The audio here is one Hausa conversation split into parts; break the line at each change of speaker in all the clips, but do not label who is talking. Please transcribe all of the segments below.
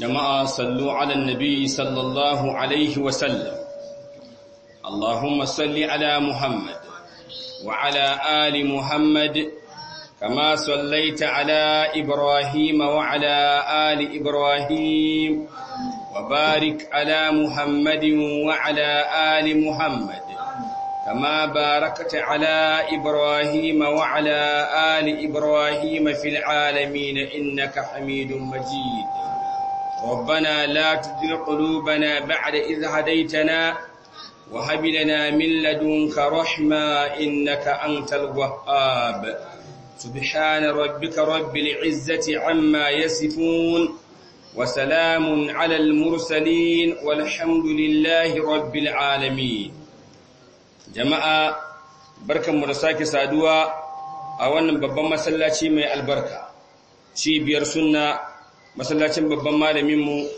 jama’a sallu ala nabi allahu alaihi wasallam Allahumma salli ala Muhammad wa ali Muhammad kama sallaita ala Ibrahim wa ala ali Ibrahim wa barik ala Muhammad wa ala ali Muhammad kama barakata ala Ibrahim wa ala ali Ibrahim fil alamin innaka hamidu majid ربنا لا تزغ قلوبنا بعد إذ هديتنا وهب لنا من لدنك رحمة إنك أنت الوهاب سبحان ربك رب العزة عما يصفون وسلام على المرسلين والحمد لله رب العالمين جماعة بركة مرساك سادوا أولا ببما سلاتي من البركة شي بيرسلنا masallacin babban malaminmu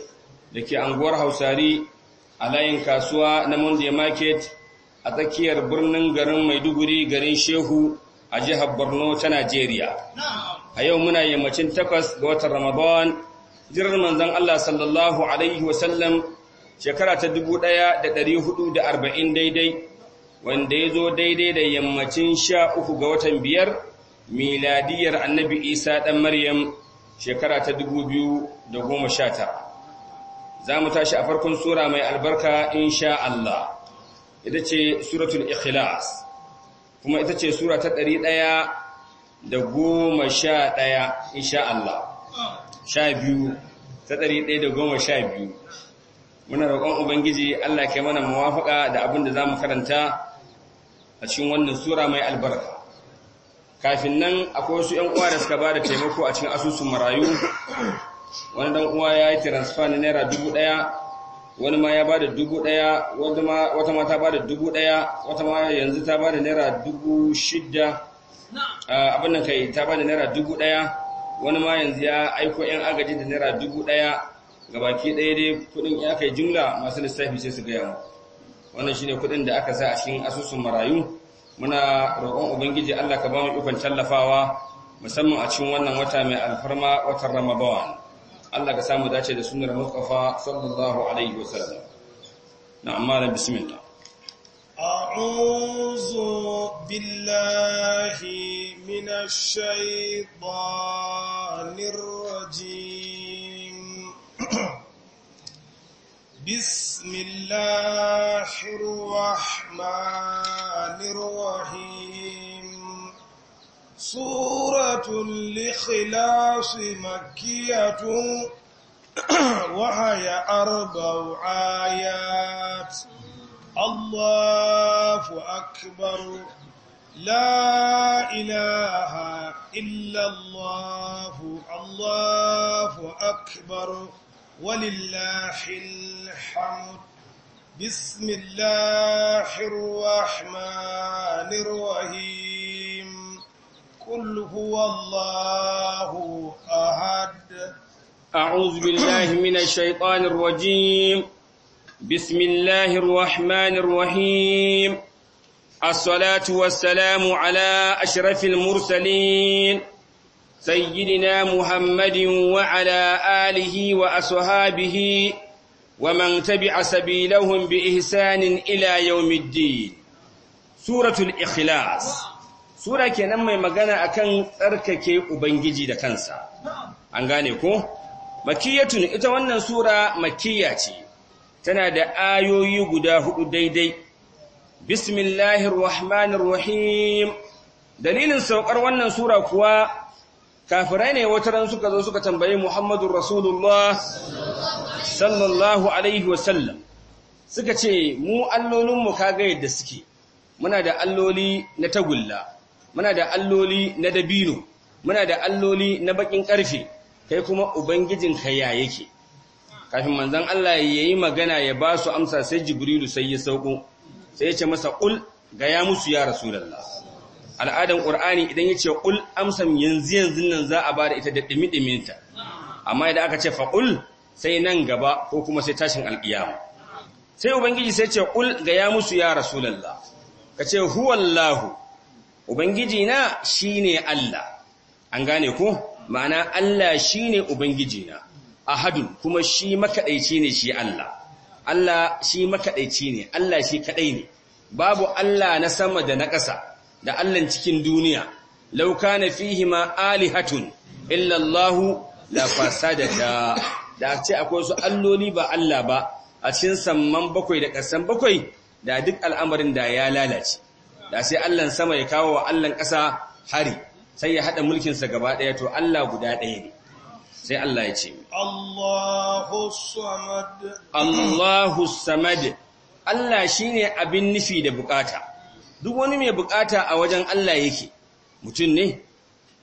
da ke anguwar hausari a layin kasuwa na monday market a tsakiyar birnin garin maiduguri garin shehu a jihar borno ta najeriya a yau muna yammacin takwas ga watan ramadan jirar manzon allah sallallahu alaihi wasallam shekara ta arba'in daidai wanda ya zo daidai da yammacin sha uku ga watan biyar miladiyar annabi isa dan maryam shekara ta 2019 za mu tashi a farkon sura mai albarka insha Allah ita ce suratul ikhlas kuma ita ce sura ta 111 insha Allah 12 ta 112 muna roƙon ubangiji Allah ke mana muwafaka da abin da za mu karanta a cikin wannan sura mai albarka kafin nan akwai wasu ‘yan uwa da suka ba da taimako a cikin asusun marayu wani dan uwa ya yi transfer na naira dubu ɗaya wani ma ya ba da dubu ɗaya wata ma ta ba da dubu ɗaya wata ma yanzu ta ba da naira dubu shida abin nan kai ta ba da naira dubu ɗaya wani ma yanzu ya aiko ‘yan agaji da naira dubu ɗaya gabaki ɗaya dai kuɗin ya kai jumla masu lissafi sai su gaya wa wannan shine kuɗin da aka sa a cikin asusun marayu muna roƙon ubangiji Allah ka ba mu ikon tallafawa musamman a cikin wannan wata mai alfarma watan Ramadan Allah ka samu dace da sunnar Mustafa sallallahu alaihi wasallam na'am malam bismillah
a'udhu billahi minash shaitanir rajim بسم الله الرحمن الرحيم سورة الإخلاص مكية وهي أربع آيات الله أكبر لا إله إلا الله الله أكبر ولله الحمد بسم الله الرحمن الرحيم قل هو الله أحد
أعوذ بالله من الشيطان الرجيم بسم الله الرحمن الرحيم الصلاة والسلام على أشرف المرسلين سيدنا محمد وعلى آله وأصحابه ومن تبع سبيلهم بإحسان إلى ila الدين Suratul-Ikhlas, Sura kenan mai magana akan tsarkake Ubangiji da kansa, an gane ko? Makiyatun ita wannan Sura makiya ce, tana da ayoyi guda hudu daidai. Bismillahir dalilin saukar wannan Sura kuwa kafirai ne wata ran suka zo suka tambayi Muhammadu Rasulullah sallallahu alaihi wasallam suka ce mu allolinmu kaga yadda suke muna da alloli na tagulla muna da alloli na dabino muna da alloli na bakin karfe kai kuma ubangijin ya yake kafin manzon Allah ya yayi magana ya ba su amsa sai Jibrilu sai ya sauko sai ya ce masa ul ga ya musu ya Rasulullah al'adan qur'ani idan yace Ul amsan yanzu yanzu nan za a ba da ita da ɗimi ɗiminta amma idan aka ce fa'ul, sai nan gaba ko kuma sai tashin alqiyama sai ubangiji sai ce Ul ga ya musu ya ka kace huwallahu ubangiji na ne Allah an gane ko ma'ana Allah ne ubangiji na hadu kuma shi makaɗaici ne shi Allah Allah shi makaɗaici ne Allah shi kaɗai ne babu Allah na sama da na ƙasa da Allahn cikin duniya Lauka na kana fihima alihatun illa Allah da fasadata da ce akwai su alloli ba Allah ba a cikin samman bakwai da ƙasan bakwai da duk al'amarin da ya lalace da sai Allahn sama ya kawo wa Allahn ƙasa hari sai ya haɗa mulkinsa gaba ɗaya to Allah guda ɗaya ne sai Allah ya ce Allahu samad Allah shine abin nufi da bukata duk wani mai bukata a wajen Allah yake mutum ne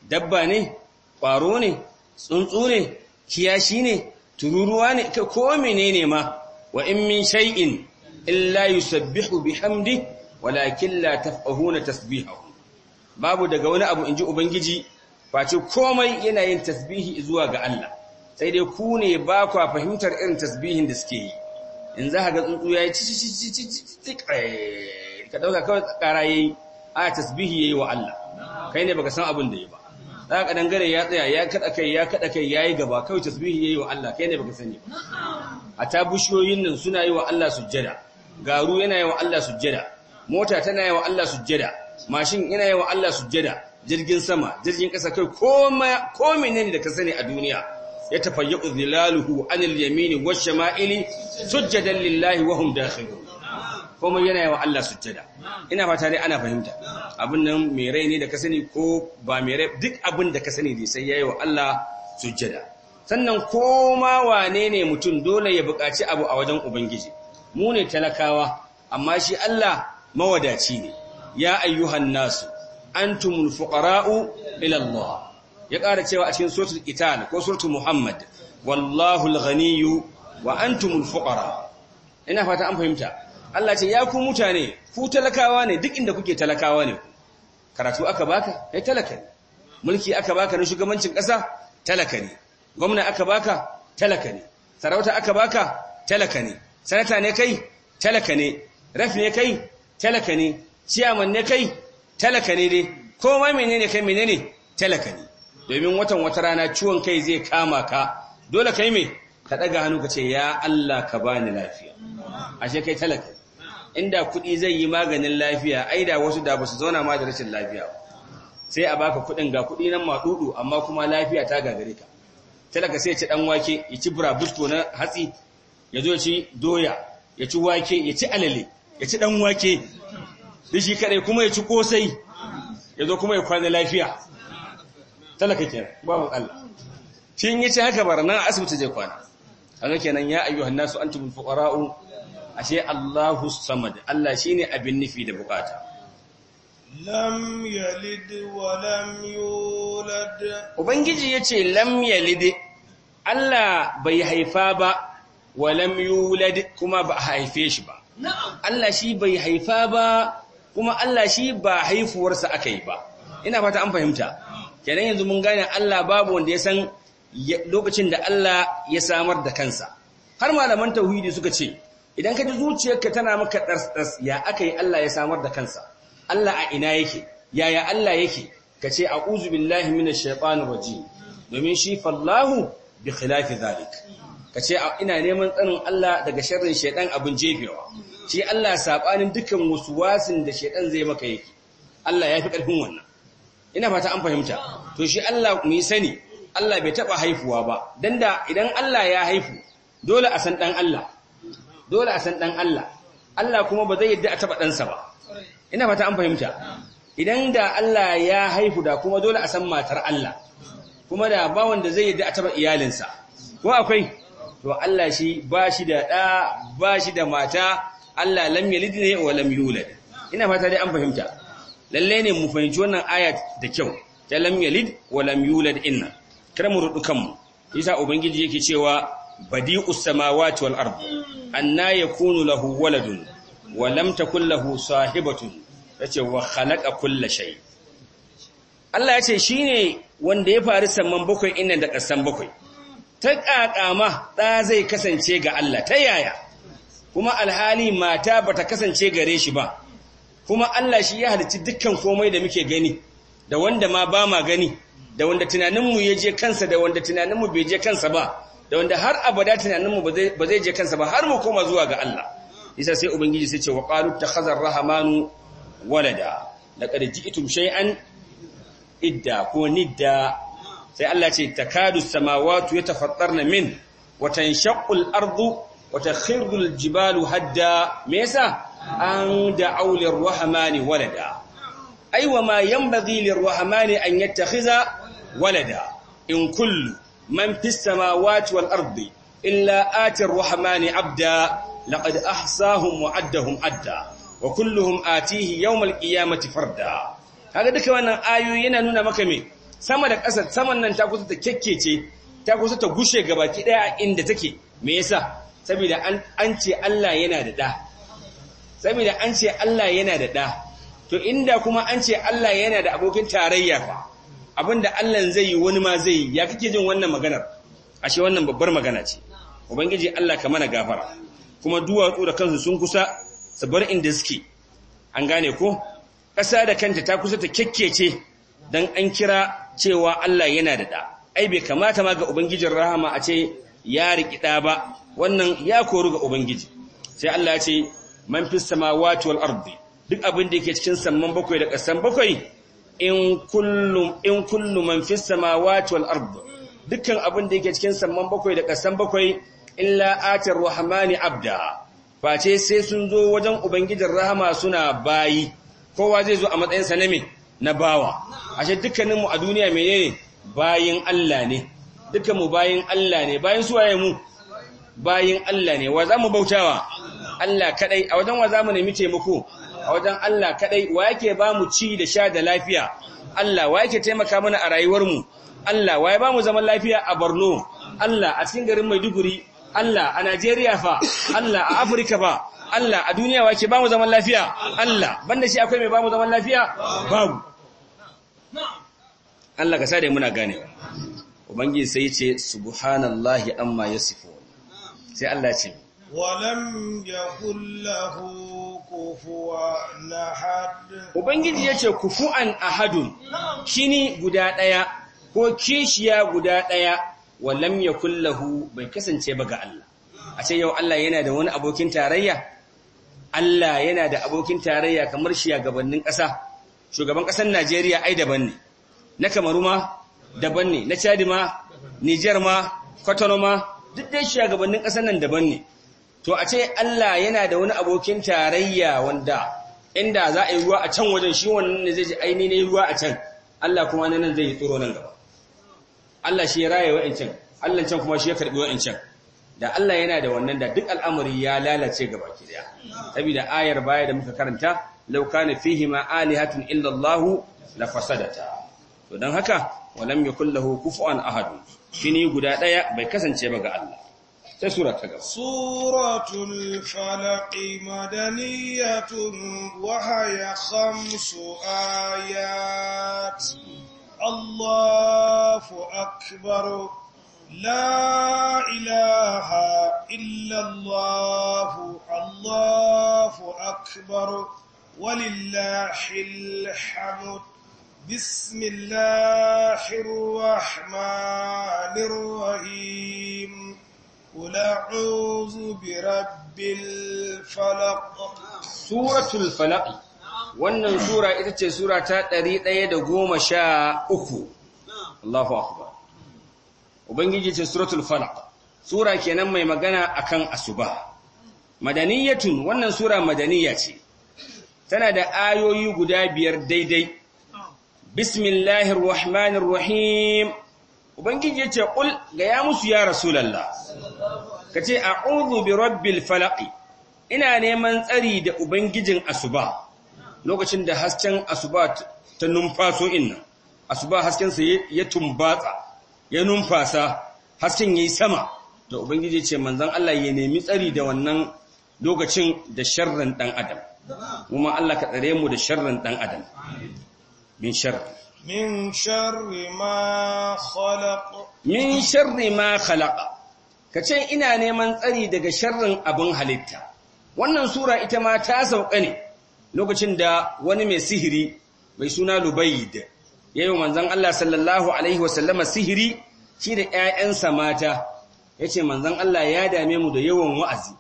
dabba ne ƙwaro ne tsuntsu ne kiyashi ne tururuwa ne ko menene ma wa in min shay'in illa yusabbihu bihamdi walakin la tafqahuna tasbihahu babu daga wani abu in ji ubangiji face komai yana yin tasbihi zuwa ga Allah sai dai ku ne ba ku fahimtar irin tasbihin da suke yi in za ka ga tsuntsu yayi ci ci ci ci ci ka dauka kawai kara yayi a tasbihi yayi wa Allah kai ne baka san abin da yayi ba za ka dangare ya tsaya ya kada kai ya kada kai yayi gaba kawai tasbihi yayi wa Allah kai ne baka sani ba a ta nan suna yi wa Allah sujjada garu yana yi wa Allah sujjada mota tana yi wa Allah sujjada mashin yana yi wa Allah sujjada jirgin sama jirgin kasa kai komai ko da ka sani a duniya يتفيأ ظلاله عن اليمين والشمائل سجدا لله وهم داخلون komai yana yawa Allah sujjada ina fata dai ana fahimta abin nan mai rai ne da ka sani ko ba mai rai duk abin da ka sani dai sai yayi wa Allah sujjada sannan koma wane ne mutum dole ya buƙaci abu a wajen ubangiji mu ne talakawa amma shi Allah mawadaci ne ya ayyuhan nasu antumul fuqara'u ila Allah ya ƙara cewa a cikin suratul ital ko suratul muhammad wallahu al wa antumul fuqara ina fata an fahimta Allah ce ya ku mutane ku talakawa ne duk inda kuke talakawa ne karatu aka baka kai talaka ne mulki aka baka ne shugabancin ƙasa talaka ne gwamna aka baka talaka ne sarauta aka baka talaka ne sanata ne kai talaka ne raf ne kai talaka ne ciyaman ne kai talaka ne dai ko menene kai menene talaka ne domin watan wata rana ciwon kai zai kama ka dole kai me ka daga hannu ka ce ya Allah ka bani lafiya ashe kai talaka inda kuɗi zai yi maganin lafiya ai da wasu da basu zauna ma da rashin lafiya sai a baka kuɗin ga kuɗi nan dudu amma kuma lafiya ta gagare ka talaka sai ya ci dan wake ya ci burabusko na hatsi ya zo ci doya ya ci wake ya ci alale ya ci dan wake dishi kare kaɗai kuma ya ci ƙosai ya zo kuma ya kwana lafiya talaka ke, babu Allah Shin yace ya ci haka barna asibiti zai kwana haka kenan ya ayyuhan nasu antumul fuqara'u ashe Allahu samad Allah shine abin nufi da bukata
lam yalid wa lam yulad
ubangiji yace lam yalid Allah bai haifa ba wa lam yulad kuma ba haife shi ba Allah shi bai haifa ba kuma Allah shi ba haifuwarsa akai ba ina fata an fahimta kenan yanzu mun gane Allah babu wanda ya san lokacin da Allah ya samar da kansa har malaman tauhidi suka ce idan ka ji zuciyarka tana maka ɗars ya aka yi Allah ya samar da kansa Allah a ina yake yaya Allah yake ka ce a'udhu billahi minash shaitanir rajim domin shi fallahu bi khilafi zalik ka ce ina neman tsanin Allah daga sharrin shaiɗan abin jefewa shi Allah sabanin dukkan wasin da shaiɗan zai maka yake Allah ya fi ƙarfin wannan ina fata an fahimta to shi Allah mu sani Allah bai taɓa haifuwa ba Danda da idan Allah ya haifu dole a san ɗan Allah dole a san dan Allah Allah kuma ba zai yadda a taba ɗansa ba ina fata an fahimta idan da Allah ya haihu da kuma dole a san matar Allah kuma da ba wanda zai yadda a taba iyalinsa ko akwai to Allah shi ba shi da ɗa ba shi da mata Allah lam yalid ne wa lam yulad ina fata dai an fahimta lalle ne mu fahimci wannan ayat da kyau ta lam yalid wa inna kar mu rudu kanmu yasa ubangiji yake cewa badi'us samawati wal ard anna yakunu lahu waladun wa lam takul lahu sahibatun yace wa khalaqa kulla shay Allah yace shine wanda ya faru samman bakwai inna da kasan bakwai ta kakama da zai kasance ga Allah ta yaya kuma alhali mata bata kasance gare shi ba kuma Allah shi ya halicci dukkan komai da muke gani da wanda ma ba ma gani da wanda tunaninmu ya je kansa da wanda tunaninmu bai je kansa ba da wanda har abada tunaninmu ba zai je kansa ba har mu koma zuwa ga Allah isa sai ubangiji sai ce wa qalu takhazar rahmanu walada laqad ji'tum shay'an idda ko nidda sai Allah ce takadu samawati yatafattarna min wa tanshaqqu al-ardu wa takhiru al-jibalu hadda me yasa an da'u lir-rahmani walada ai wa ma yanbaghi lir-rahmani an yattakhiza walada in kullu man fis samawati wal ardi illa atir rahmani abda laqad ahsahum wa addahum adda wa kulluhum atihi yawmal qiyamati farda kaga duka wannan ayoyi yana nuna maka me sama da ƙasar saman nan ta kusa ta kekkece ta kusa ta gushe gabaki daya inda take me yasa saboda an an ce Allah yana da da saboda an ce Allah yana da da to inda kuma an ce Allah yana da abokin tarayya fa da Allah zai yi wani ma zai yi ya kake jin wannan maganar ashe wannan babbar magana ce ubangiji Allah ka mana gafara kuma duwatsu da kansu sun kusa su bar inda suke an gane ko ƙasa da kanta ta kusa ta kyakkece dan an kira cewa Allah yana da da ai bai kamata ma ga ubangijin rahama a ce ya riki da ba wannan ya koru ga ubangiji sai Allah ya ce man fis samawati wal ardi duk abin da yake cikin samman bakwai da kasan bakwai in kullum in man fi samawati wal ard dukkan abin da yake cikin saman bakwai da kasan bakwai illa atir rahmani abda face sai sun zo wajen ubangijin rahama suna bayi kowa zai zo a matsayin sa na bawa ashe dukkanin mu a duniya menene bayin Allah ne dukkan mu bayin Allah ne bayin waye mu bayin Allah ne wa zamu bautawa Allah kadai a wajen wa zamu nemi taimako a wajen Allah kadai wa yake ba mu ci da sha da lafiya Allah wa yake taimaka mana a rayuwar mu Allah wa ya ba mu zaman lafiya a Borno Allah a cikin garin Maiduguri Allah a Najeriya fa Allah a Afirka fa Allah a duniya wa yake ba mu zaman lafiya Allah banda shi akwai mai ba mu zaman lafiya babu Allah ka sa da muna gane. ubangiji sai ce subhanallahi amma yasifu sai Allah ce
walam yakul lahu Ubangiji ya
ce kufu'an ahadun kini guda ɗaya ko kishiya guda ɗaya wa ya kullahu bai kasance ba ga Allah. A ce yau Allah yana da wani abokin tarayya? Allah yana da abokin tarayya kamar shi gabanin ƙasa. Shugaban ƙasar Najeriya ai daban ne, na Kamaru ma daban ne, na Cadi ma, Nijar ma, Kwatano ma, duk dai shugabannin ƙasar nan daban ne. to a ce Allah yana da wani abokin tarayya wanda inda za a yi ruwa a can wajen shi wannan ne zai ji aini ne ruwa a can Allah kuma nan zai yi tsoro nan gaba Allah shi ya raye wa'ancan Allah can kuma shi ya karbi wa'ancan da Allah yana da wannan da duk al'amari ya lalace gaba ki daya saboda ayar baya da muka karanta lauka kana fihi ma alihatun illa Allah la fasadata to dan haka walam yakul lahu kufuwan shi ne guda ɗaya bai kasance ba ga Allah sai sura ta gaba
suratul falaq madaniyatun wa hiya khamsu ayat Allahu akbar لا إله إلا الله الله أكبر ولله الحمد بسم الله الرحمن الرحيم قل
اعوذ برب الفلق سورة الفلق wannan sura ita ce sura ta 113 Allahu akbar ubangiji ce suratul falaq sura kenan mai magana akan asuba madaniyatun wannan sura madaniya ce tana da ayoyi guda biyar daidai bismillahir rahmanir rahim ubangiji ce ƙul ga ya musu ya Ka ce a a'udhu bi rabbi falaƙi, ina neman tsari da ubangijin asuba lokacin da hasken asuba ta numfaso inna asuba hasken sa ya tumbatsa ya numfasa hasken ya yi sama da ubangiji ce manzon Allah ya nemi tsari da wannan lokacin da sharrin ɗan adam kuma Allah ka tsare mu da sharrin ɗan adam min sharrin. min sharri ma khalaqa min sharri ma kace ina neman tsari daga sharrin abin halitta wannan sura ita ma ta sauka ne lokacin da wani mai sihiri mai suna lubayd yayin manzon Allah sallallahu alaihi wasallama sihiri shi da ƴaƴansa mata yace manzon Allah ya dame mu da yawan wa'azi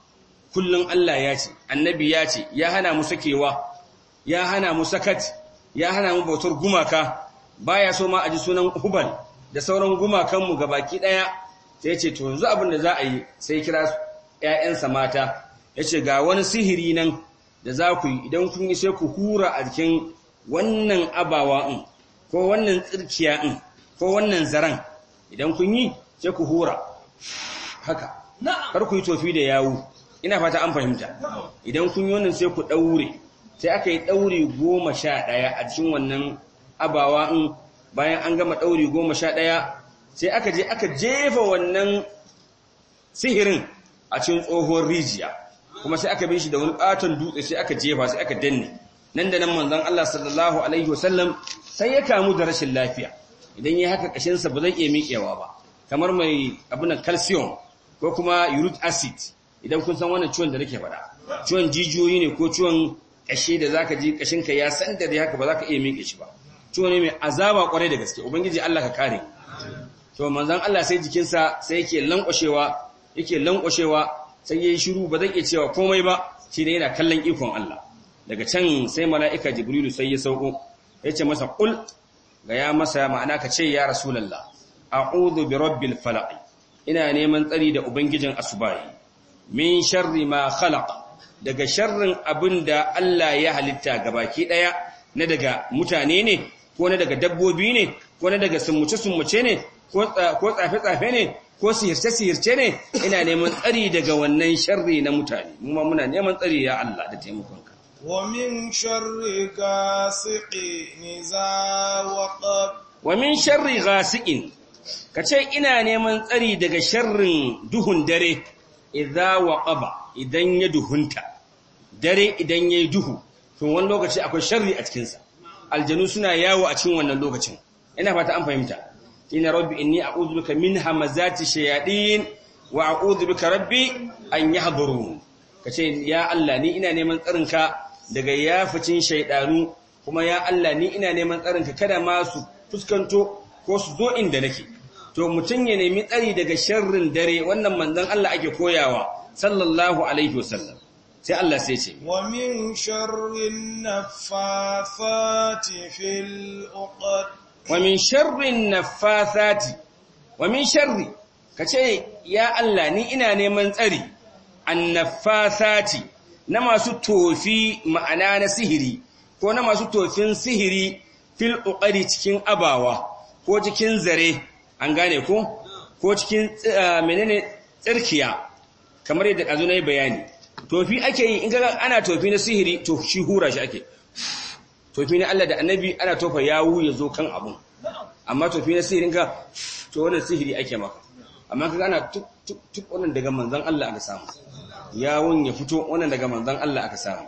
kullun Allah ya ce annabi ya ce ya hana mu sakewa ya hana mu sakat ya hana mu bautar gumaka baya so ma a ji sunan hubal da sauran gumakanmu ga baki ɗaya sai yace to yanzu abin da za a yi sai kira ‘ya'yansa mata ya ce ga wani sihiri nan da za ku yi idan kun yi sai ku hura a jikin wannan abawa in ko wannan tsirkiya in ko wannan zaren idan kun yi sai ku hura haka kar ku yi tofi da yawu ina fata an fahimta idan kun yi wannan sai ku ɗaure sai aka yi ɗaure goma sha ɗaya a cikin wannan abawa in bayan an gama ɗauri goma sha ɗaya sai aka je aka jefa wannan sihirin a cikin tsohon rijiya kuma sai aka bin shi da wani ƙaton dutse sai aka jefa sai aka danne nan da nan manzon Allah sallallahu alaihi wasallam sai ya kamu da rashin lafiya idan ya haka ƙashinsa ba zai iya miƙewa ba kamar mai abin calcium ko kuma uric acid idan kun san wannan ciwon da nake faɗa ciwon jijiyoyi ne ko ciwon kashe da zaka ji kashinka ya san da haka ba zaka iya miƙe shi ba ciwo ne mai azaba kwarai da gaske ubangiji Allah ka kare to manzon Allah sai jikinsa sai yake lankwashewa yake lankwashewa sai yayi shiru ba zai iya cewa komai ba shi ne yana kallon ikon Allah daga can sai mala'ika jibrilu sai ya sauko yace masa qul ga ya masa ma'ana ka ce ya rasulullah a'udhu bi rabbil falaq ina neman tsari da ubangijin asubai min sharri ma khalaq daga sharrin abinda Allah ya halitta gabaki daya na daga mutane ne ko na daga dabbobi ne ko na daga sumuce-sumuce ne eh, ko tsafe-tsafe ne ko sihirce-sihirce ne ina neman tsari daga wannan sharri na mutane muma muna neman tsari ya Allah da taimakonka
ومن شر غاسق إذا وقب
ومن شر ina neman tsari daga sharrin duhun dare idza waqaba idan ya duhunta dare idan yayi duhu to wani lokaci akwai sharri a cikinsa. aljanu suna yawo a cikin wannan lokacin ina fata an fahimta ina rabbi inni a'udhu bika min hamazati shayadin, wa a'udhu bika rabbi an yahduru kace ya Allah ni ina neman tsarinka daga yafacin shaydanu kuma ya Allah ni ina neman tsarinka kada ma su fuskanto ko su zo inda nake to mutun ya nemi tsari daga sharrin dare wannan manzon Allah ake koyawa sallallahu alaihi wasallam sai Allah sai ce
wa min sharrin naffathati fil uqad wa min
sharrin naffathati wa min sharri kace ya Allah ni ina neman tsari annaffathati na masu tofi ma'ana na sihiri ko na masu tofin sihiri fil uqad cikin abawa ko cikin zare an gane ko ko cikin eh, menene tsirkiya kamar yadda kazo nayi bayani tofi ake yi in ga ana tofi na sihiri to shi hura shi ake tofi na Allah da annabi ana tofa yawu ya zo kan abun amma tofi na sihirin ka to wannan sihiri ake maka amma kaga ana tuk tuk tuk wannan daga manzon Allah aka samu yawun ya fito wannan daga manzon Allah aka samu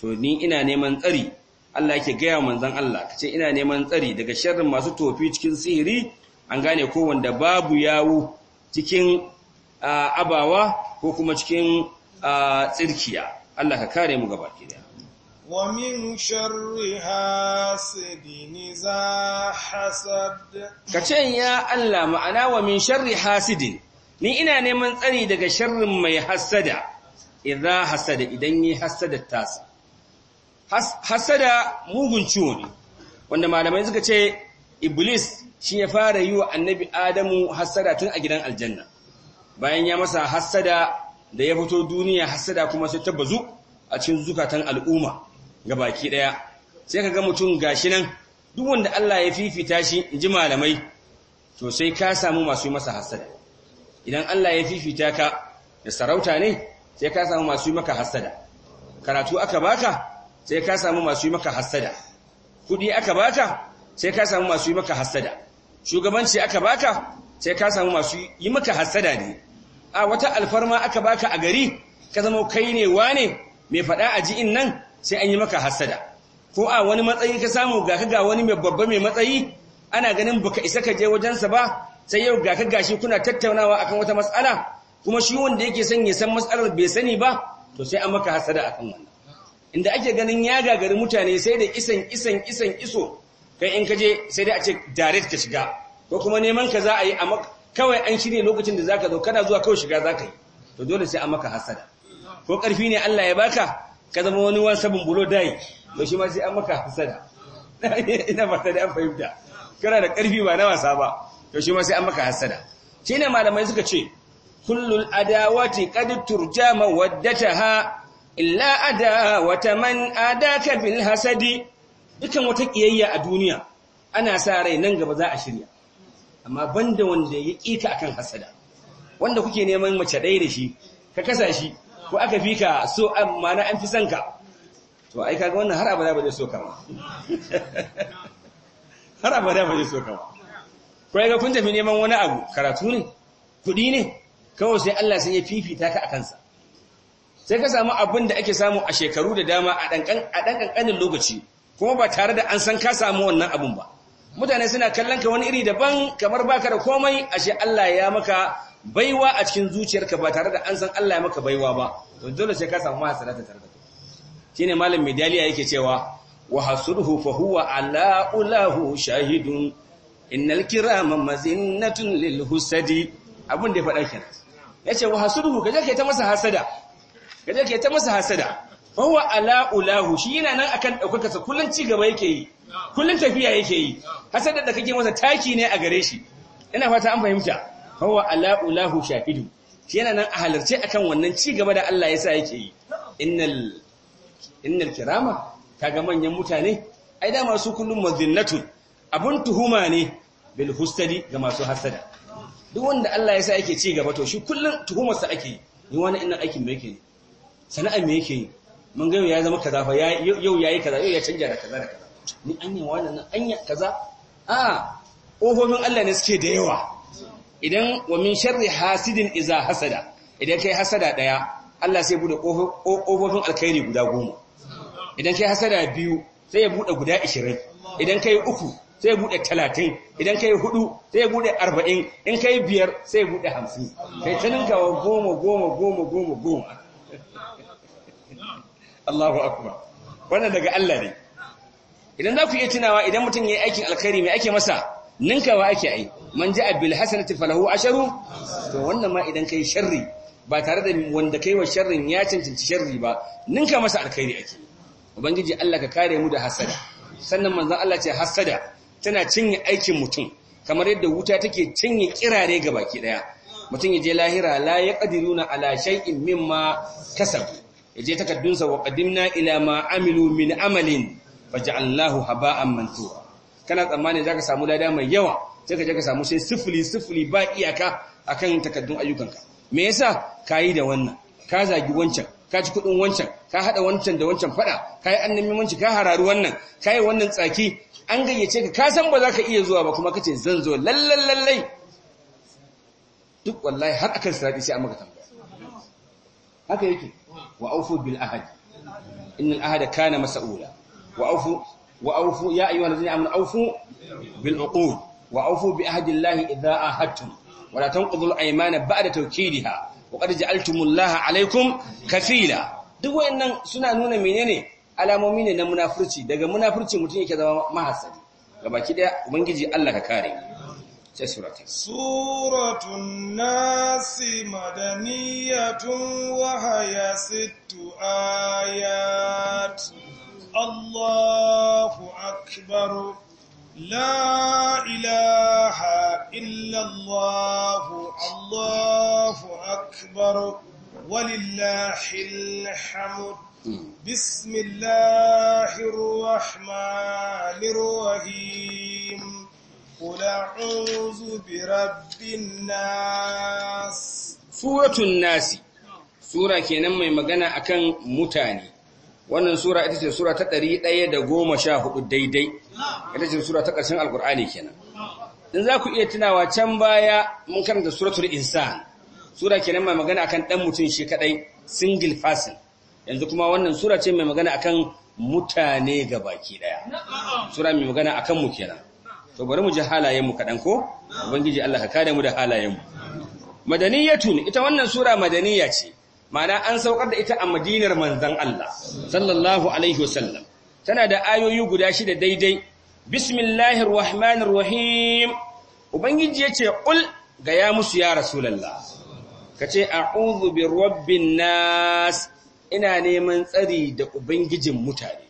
to ni ina neman tsari Allah yake gaya manzon Allah kace ina neman tsari daga sharrin masu tofi cikin sihiri an gane ko wanda babu yawu cikin ah, abawa ko kuma cikin tsirkiya Allah ka kare mu gaba ki
wa min sharri hasidin za hasad
kace ya Allah ma'ana wa min sharri hasidin ni ina neman tsari daga sharrin mai hasada idza hasada idan yi hasada tasa hasada mugun ciwo ne wanda malamai suka ce iblis shi ya fara yi wa annabi adamu hasada tun a gidan aljanna bayan ya masa hasada da ya fito duniya hasada kuma sai ta bazu a cikin zukatan al'umma ga baki daya sai kaga mutum gashi nan duk wanda Allah ya fifita shi inji malamai to sai ka samu masu masa hasada idan Allah ya fifita ka da sarauta ne sai ka samu masu maka hasada karatu aka baka sai ka samu masu maka hasada kudi aka baka sai ka samu masu maka hasada shugabanci aka baka sai ka samu masu yi maka hasada ne a wata alfarma aka baka a gari ka zama kai ne wane mai faɗa a ji'in nan sai an yi maka hasada ko a wani matsayi ka samu ga ka ga wani mai babba mai matsayi ana ganin baka isa ka je wajensa ba sai yau ga ka gashi kuna tattaunawa akan wata matsala kuma shi wanda yake son ya san matsalar bai sani ba to sai an maka hasada akan wannan inda ake ganin ya gagari mutane sai da isan isan isan iso kai in ka je sai dai a ce direct ka shiga ko kuma neman ka za a yi a kawai an shirya lokacin da zaka zo kana zuwa kawai shiga ka yi to dole sai an maka hasada ko karfi ne Allah ya baka ka zama wani wani sabon bulo dai to shi ma sai an maka hasada ina fata da an fahimta kana da karfi ba na wasa ba to shi ma sai an maka hasada shi ne malamai suka ce kullul adawati qad turja mawaddataha illa adawata man adaka bil hasadi dukan wata kiyayya a duniya ana sa rai nan gaba za a shirya amma banda wanda ya a akan hasada wanda kuke neman mace ɗaya da shi ka kasa shi ko aka fi ka so amma na an fi son ka to ai kaga wannan har abada ba zai so ka ba har abada ba zai so ka ba ko ga kun tafi neman wani abu karatu ne kuɗi ne kawai sai Allah sai ya fifita ka akan sa sai ka samu abin da ake samu a shekaru da dama a ɗan ƙanƙanin lokaci kuma ba tare da an san ka samu wannan abin ba mutane suna kallon ka wani iri daban kamar baka da komai ashe Allah ya maka baiwa a cikin zuciyarka ba tare da an san Allah ya maka baiwa ba to dole sai ka samu mahasala ta tare da shine malam medaliya yake cewa wa hasuruhu fa huwa ala ulahu shahidun innal kirama mazinnatun lil husadi abun da ya faɗa kenan yace wa hasuruhu kaje kai ta masa hasada kaje kai ta masa hasada fawa ala ulahu shi yana nan akan daukarsa kullun ci gaba yake yi kullun tafiya yake yi hasada da kake masa taki ne a gare shi ina fata an fahimta fawa ala ulahu shahidu shi yana nan a halarce akan wannan cigaba da Allah ya sa yake yi innal innal kirama kaga manyan mutane ai da masu kullun mazinnatun abun tuhuma ne bil hustadi ga masu hasada duk wanda Allah ya sa yake ci gaba to shi kullun tuhumarsa ake yi ni wani ina aikin me yake ne sana'a me yake yi mun ga ya zama kaza fa yau yayi kaza yau ya canja da kaza da kaza ni anya wannan anya kaza a ofofin Allah ne suke da yawa idan wa min sharri hasidin iza hasada idan kai hasada daya Allah sai bude ofofin alkhairi guda goma idan kai hasada biyu sai ya bude guda 20 idan kai uku sai ya bude 30 idan kai hudu sai ya bude 40 in kai biyar sai ya bude 50 kai tanin ka goma goma goma goma goma Allahu akbar wannan daga Allah ne idan zaku ku iya tunawa idan mutum yayi aikin alkhairi mai ake masa ninkawa ake ai man ja'a bil hasanati falahu asharu to wannan ma idan kai sharri ba tare da wanda kai wa sharrin ya cancanci sharri ba ninka masa alkhairi ake ubangiji Allah ka kare mu da hasada sannan manzon Allah ce hasada tana cinye aikin mutum kamar yadda wuta take cinye kirare ga baki daya mutum ya je lahira la yaqdiruna ala shay'in mimma kasab yaje takaddunsa wa qadimna ila ma amilu min amalin faj'alnahu haba'an mantura kana tsammani zaka samu lada mai yawa sai ka je ka samu sai sifili sifili ba iyaka akan takaddun ayyukanka me yasa kai da wannan ka zagi wancan ka ci kudin wancan ka hada wancan da wancan fada kai annabi wancan ka hararu wannan kai wannan tsaki an gayyace ka ka san ba za ka iya zuwa ba kuma kace zan zo lallan lallai duk wallahi har akan sadi sai an maka tambaya haka yake wa aufu bil ahad innal ahada kana mas'ula wa aufu wa aufu ya ayyuhal ladzina amanu aufu bil uqud wa aufu bi ahdillahi idza ahadtum wa la tanqudul aymana ba'da tawkidiha wa qad ja'altumullaha alaykum kafila duk wayannan suna nuna menene alamomi ne na munafurci daga munafurci mutum yake zama mahasadi gabaki daya ubangiji Allah ka kare sai
suratun. nasi madaniyatun wahaya sittu ayat allahu akbaru La ilaha illallahu Allahu akbar walillahil hamd hmm. bismillahir rahmanir rahim قل nasi برب الناس
سورة الناس سورة kenan mai magana akan mutane. wannan sura ita ce sura ta 114 daidai ita ce sura ta ƙarshen alkur'ani kenan in za ku iya tunawa can baya mun karanta suratul insan sura kenan mai magana akan dan mutum shi kadai single person yanzu kuma wannan sura ce mai magana akan mutane gabaki daya sura mai magana akan mu kenan to bari mu ji halayenmu kaɗan ko ubangiji Allah ka kare mu da halayenmu madaniyatun ita wannan sura madaniya ce ma'ana an saukar da ita a madinar Manzan Allah sallallahu alaihi wasallam tana da ayoyi guda shida daidai bismillahir rahmanir rahim ubangiji yace ul ga ya musu ya rasulullah kace a'udhu rabbin nas ina neman tsari da ubangijin mutane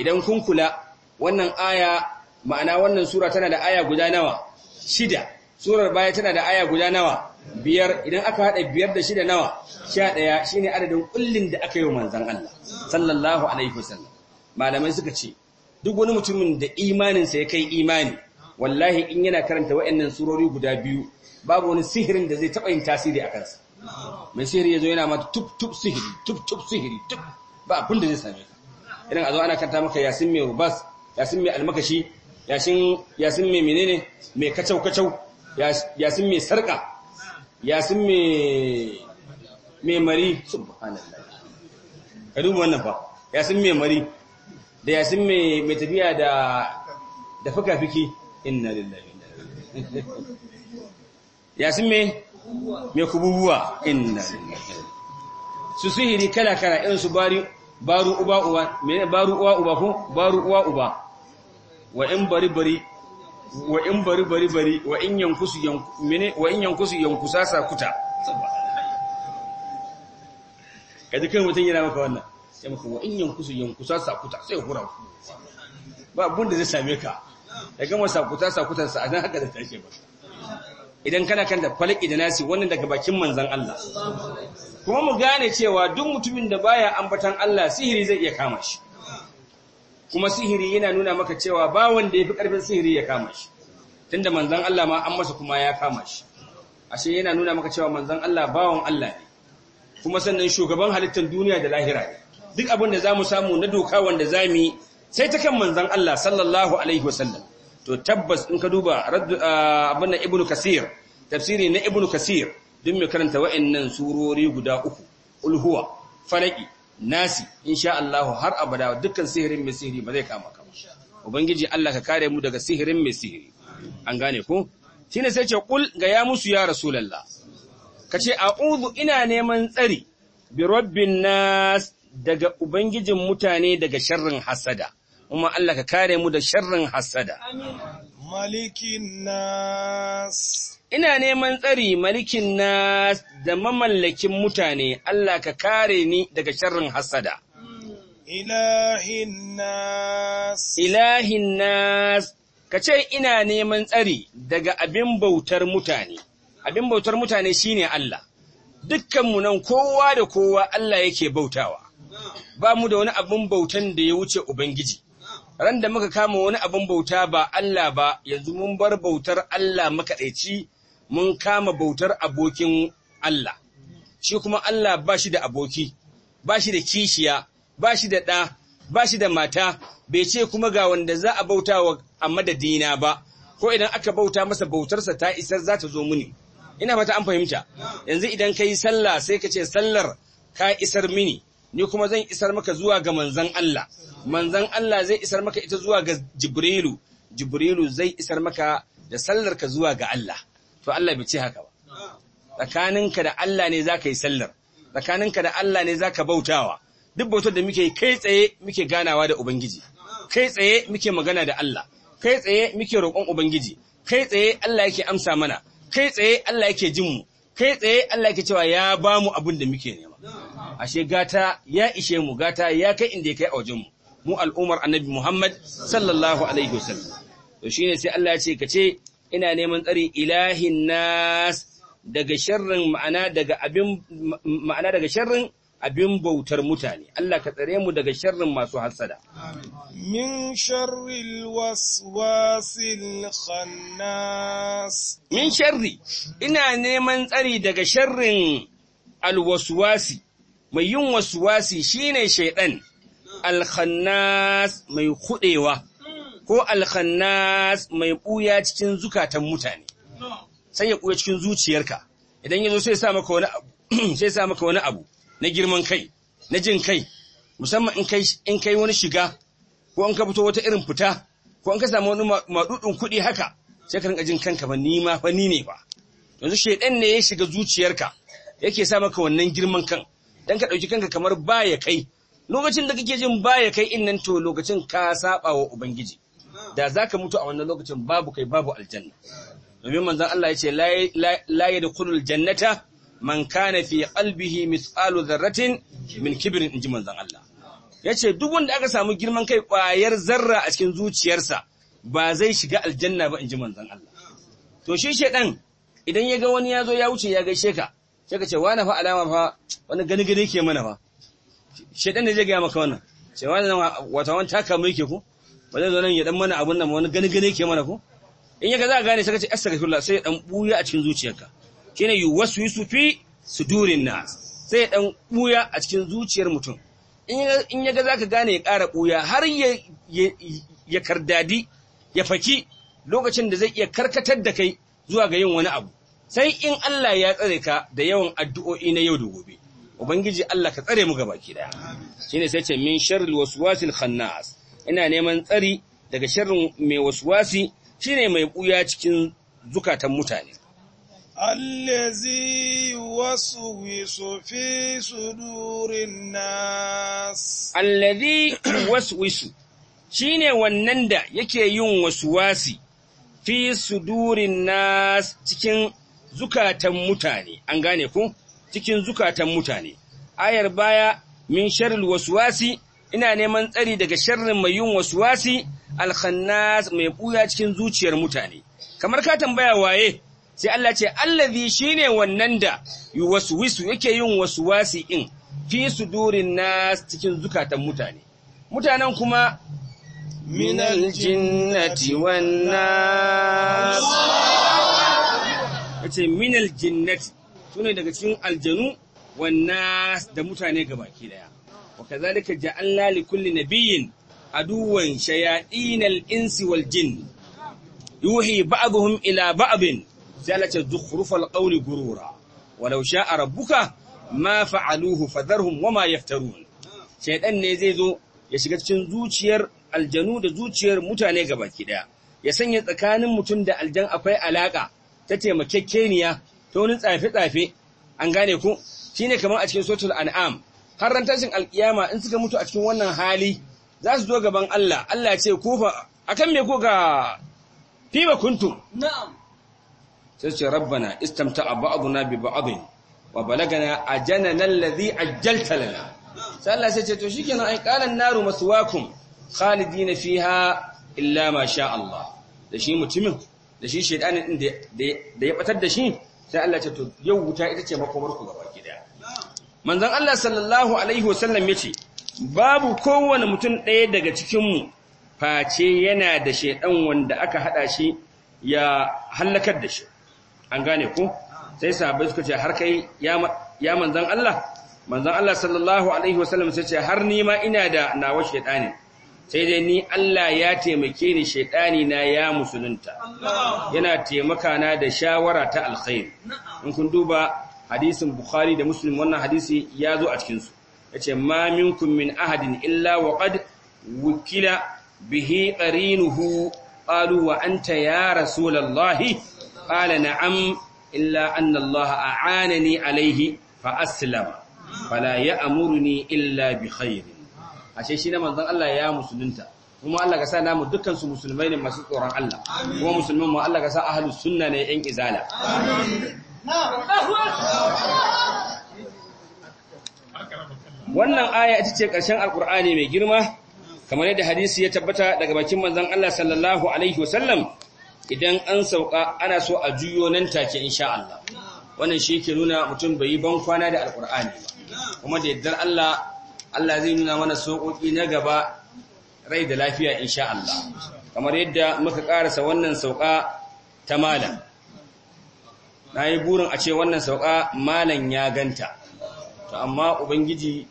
idan kun kula wannan aya ma'ana wannan sura tana da aya guda nawa shida surar baya tana da aya guda nawa biyar idan aka haɗa biyar da shida nawa sha ɗaya ne adadin kullin da aka yi wa manzan Allah sallallahu alaihi wasallam malamai suka ce duk wani mutumin da imaninsa ya kai imani wallahi in yana karanta waɗannan surori guda biyu babu wani sihirin da zai taɓa yin tasiri a kansa mai sihiri ya zo yana ma tup tup sihiri ba abin da zai same ka idan a zo ana karanta maka yasin mai rubas yasin mai almakashi yashin yasin mai menene mai kacau kacau yasin mai sarka yasin mai mai mari subhanallah ka duba wannan fa yasin mai mari da yasin mai mai tafiya da da fuka-fiki inna lillahi yasin mai mai kububuwa inna su sihiri kala kala irin su bari baru uba uba baru uwa uba ko baru uba uba wa in bari bari bari bari bari wa in yankusu yankune wa in yankusu yankusa Ka ji kai mutum yana maka wannan sai maka wa in yankusu yankusa kuta, sai hura ba abun da zai same ka da gama sa kuta sa anan haka da tashi ba idan kana kan da falaki da nasi wannan daga bakin manzon Allah kuma mu gane cewa duk mutumin da baya ambatan Allah sihiri zai iya kama shi kuma sihiri yana nuna maka cewa ba wanda ya fi karfin sihiri ya kama shi tunda manzan Allah ma an masa kuma ya kama shi ashe yana nuna maka cewa manzan Allah bawan Allah ne kuma sannan shugaban halittar duniya da lahira ne duk abin da mu samu na doka wanda za yi, sai ta kan manzon Allah sallallahu alaihi wasallam to tabbas in ka duba abin da ibnu kasir tafsiri na ibnu kasir don mai karanta wa'annan surori guda uku ulhuwa falaki nasi insha Allah har abada dukkan sihirin mai sihiri ba zai kama ka ubangiji Allah ka kare mu daga sihirin mai sihiri an gane ko shine sai ce kul ga ya musu ya rasulullah kace a'udhu ina neman tsari bi rabbin nas daga ubangijin mutane daga sharrin hasada kuma Allah ka kare mu da sharrin hasada malikin nas ina neman tsari malikin nas da mamallakin mutane Allah ka kare ni daga sharrin hasada ilahin nas ilahin nas Ka ce ina neman tsari daga abin bautar mutane abin bautar mutane shine Allah dukkanmu nan kowa da kowa Allah yake bautawa ba mu da wani abin bautan da ya wuce ubangiji ran da muka kama wani abin bauta ba Allah ba yanzu mun bar bautar Allah makaɗaici mun kama bautar abokin Allah shi kuma Allah ba shi da aboki ba shi da kishiya ba shi da ɗa ba shi da mata bai ce kuma ga wanda za a bauta wa a madadina ba ko idan aka bauta masa bautarsa ta isar za ta zo mini ina fata an fahimta yanzu idan ka yi sallah sai ka ce sallar ka isar mini ni kuma zan isar maka zuwa ga manzan Allah manzan Allah zai isar maka ita zuwa ga Jibrilu Jibrilu zai isar maka da sallar ka zuwa ga Allah to Allah bai ce haka
ba
tsakaninka da Allah ne za ka yi sallar tsakaninka da Allah ne za ka bautawa duk bautar da muke kai tsaye muke ganawa da ubangiji kai tsaye muke magana da Allah kai tsaye muke roƙon ubangiji kai tsaye Allah yake amsa mana kai tsaye Allah yake jin mu kai tsaye Allah yake cewa ya bamu abin da muke nema ashe gata ya ishe mu gata ya kai inda ya kai a wajen mu mu al'ummar annabi Muhammad sallallahu alaihi wasallam to shine sai Allah ya ce kace ina neman tsari ilahin nas daga sharrin ma'ana daga abin ma'ana daga sharrin abin bautar mutane Allah ka tsare mu daga sharrin masu hasada
min sharril waswasil khannas
min sharri ina neman tsari daga sharrin alwaswasi mai yin wasuwasi shine shaiɗan, alkhannas mai kuɗewa, ko alkhannas mai ɓuya cikin zukatan mutane, sai ya ɓuya cikin zuciyarka, idan ya zo sai sa abu, sa maka wani abu na girman kai, na jin kai, musamman in kai wani shiga, ko in ka fito wata irin fita, ko in ka samu wani maɗuɗin kuɗi haka, sai ka rinka jin kanka ba ni ma ne ba. Yanzu shaiɗan ne ya shiga zuciyarka, yake sa maka wannan girman kan, dan ka ɗauki kanka kamar baya kai lokacin da kake jin ya kai in to lokacin ka saba wa ubangiji da zaka mutu a wannan lokacin babu kai babu aljanna domin manzon Allah ya ce la dukhulul jannata man kana fi qalbihi mithqalu dharratin min kibrin inji manzon Allah yace duk wanda aka samu girman kai kwayar zarra a cikin zuciyarsa ba zai shiga aljanna ba inji manzon Allah to shi shedan idan ya ga wani ya zo ya wuce ya gaishe ka sai ka ce na fa alama fa wani gani gani ke mana fa shedan da zai gaya maka wannan sai wani wata wani taka mu yake ku ba zai zo nan ya dan mana abun nan wani gani gani ke mana ku in ga za ka gane sai ka ce astaghfirullah sai dan buya a cikin zuciyarka shine yusu fi sudurin nas sai dan buya a cikin zuciyar mutum in ga za ka gane ya kara buya har ya kardadi ya faki lokacin da zai iya karkatar da kai zuwa ga yin wani abu sai in Allah ya tsare ka da yawan addu'o'i na yau da gobe ubangiji Allah ka tsare mu gaba kida.
daya
ne sai ce min wasu waswasil khannas ina neman tsari daga sharrin mai shi shine mai buya cikin zukatan mutane
wasu wiso fi sudurin nas
wasu wiso shi ne wannan da yake yin waswasi fi sudurin nas cikin zukatan mutane an gane ku cikin zukatan mutane ayar baya min wasu waswasi ina neman tsari daga sharrin mai yin waswasi alkhannas mai ɓuya cikin zuciyar mutane kamar ka tambaya waye sai Allah ce shi ne wannan da yuwaswisu yake yin waswasi in fi su durin nas cikin zukatan mutane mutanen kuma minal jinnati wannan. yace minal jinnati sune daga cikin aljanu wannan da mutane gabaki daya wa kazalika ja'alna li kulli nabiyyin aduwan shayadinal insi wal jinn yuhi ba'dhum ila ba'abin zalata zukhrufal qawli gurura walau sha'a rabbuka ma fa'aluhu fadharhum wama yaftarun shaydan ne zai zo ya shiga cikin zuciyar aljanu da zuciyar mutane gabaki daya ya sanya tsakanin mutum da aljan akwai alaka ta taimakekeniya ta wani tsafe-tsafe an gane ku shi ne kamar a cikin sotul an'am har ran tashin alkiyama in suka mutu a cikin wannan hali za su zo gaban Allah Allah ce ku fa kan me ku ga fima kuntum na'am sai ce rabbana a ba'aduna bi ba'din wa balagana a alladhi ajjalta lana sai Allah sai ce to shikenan ai qalan naru maswakum khalidina fiha illa ma sha Allah da shi mutumin da shi shaydanin din da ya batar da shi sai Allah ya ce to yau wuta ita ce makomar ku gaba gida manzon Allah sallallahu alaihi wasallam yace babu kowane mutum ɗaya daga cikin mu face yana da shaidan wanda aka hada shi ya halakar da shi an gane ku sai sahabbai suka ce har kai ya manzon Allah manzon Allah sallallahu alaihi wasallam sai ce har ni ma ina da nawa shaytani sai dai ni Allah ya taimake ni shaidani na ya musulunta yana taimaka na da shawara ta alkhair in kun duba hadisin bukhari da muslim wannan hadisi ya zo a cikin su yace ma minkum min ahadin illa wa qad wukila bihi qarinuhu qalu wa anta ya rasulallahi qala na'am illa anna allaha a'anani alayhi fa aslama fala ya'muruni illa bi khair ashe shi na manzon Allah ya musulunta kuma Allah ka sa namu dukkan musulmai ne masu tsoron Allah kuma musulmin mu Allah ka sa ahlus sunna ne yan izala wannan aya ita ce ƙarshen alkur'ani mai girma kamar yadda hadisi ya tabbata daga bakin manzon Allah sallallahu alaihi wasallam idan an sauka ana so a juyo nan take insha Allah wannan shi ke nuna mutum bai yi ban kwana da alkur'ani ba kuma da yaddar Allah Allah zai nuna mana sokoki na gaba rai da lafiya insha Allah kamar yadda muka karasa wannan sauka ta malam nayi burin a ce wannan sauka malam ya ganta to amma ubangiji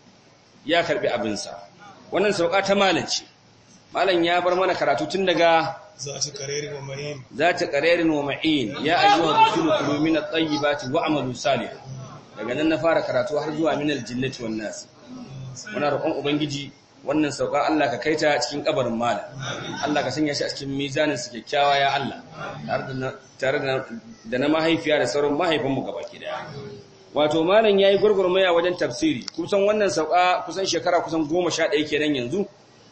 ya karbi abinsa wannan sauka ta malam ce malam ya bar mana karatu tun daga ذات قرير wa ذات Ya ومعين يا ايها الرسل tsayi, من الطيبات واعملوا daga nan na fara karatu har zuwa min aljinnati wan nas muna roƙon ubangiji wannan sauƙar Allah ka kaita cikin ƙabarin malam Allah ka sanya shi a cikin mizanin su kyakkyawa ya Allah tare da na mahaifiya da sauran mahaifinmu gabaki daya wato malam yi gwargwarmaya wajen tafsiri kusan wannan sauƙa kusan shekara kusan goma ke kenan yanzu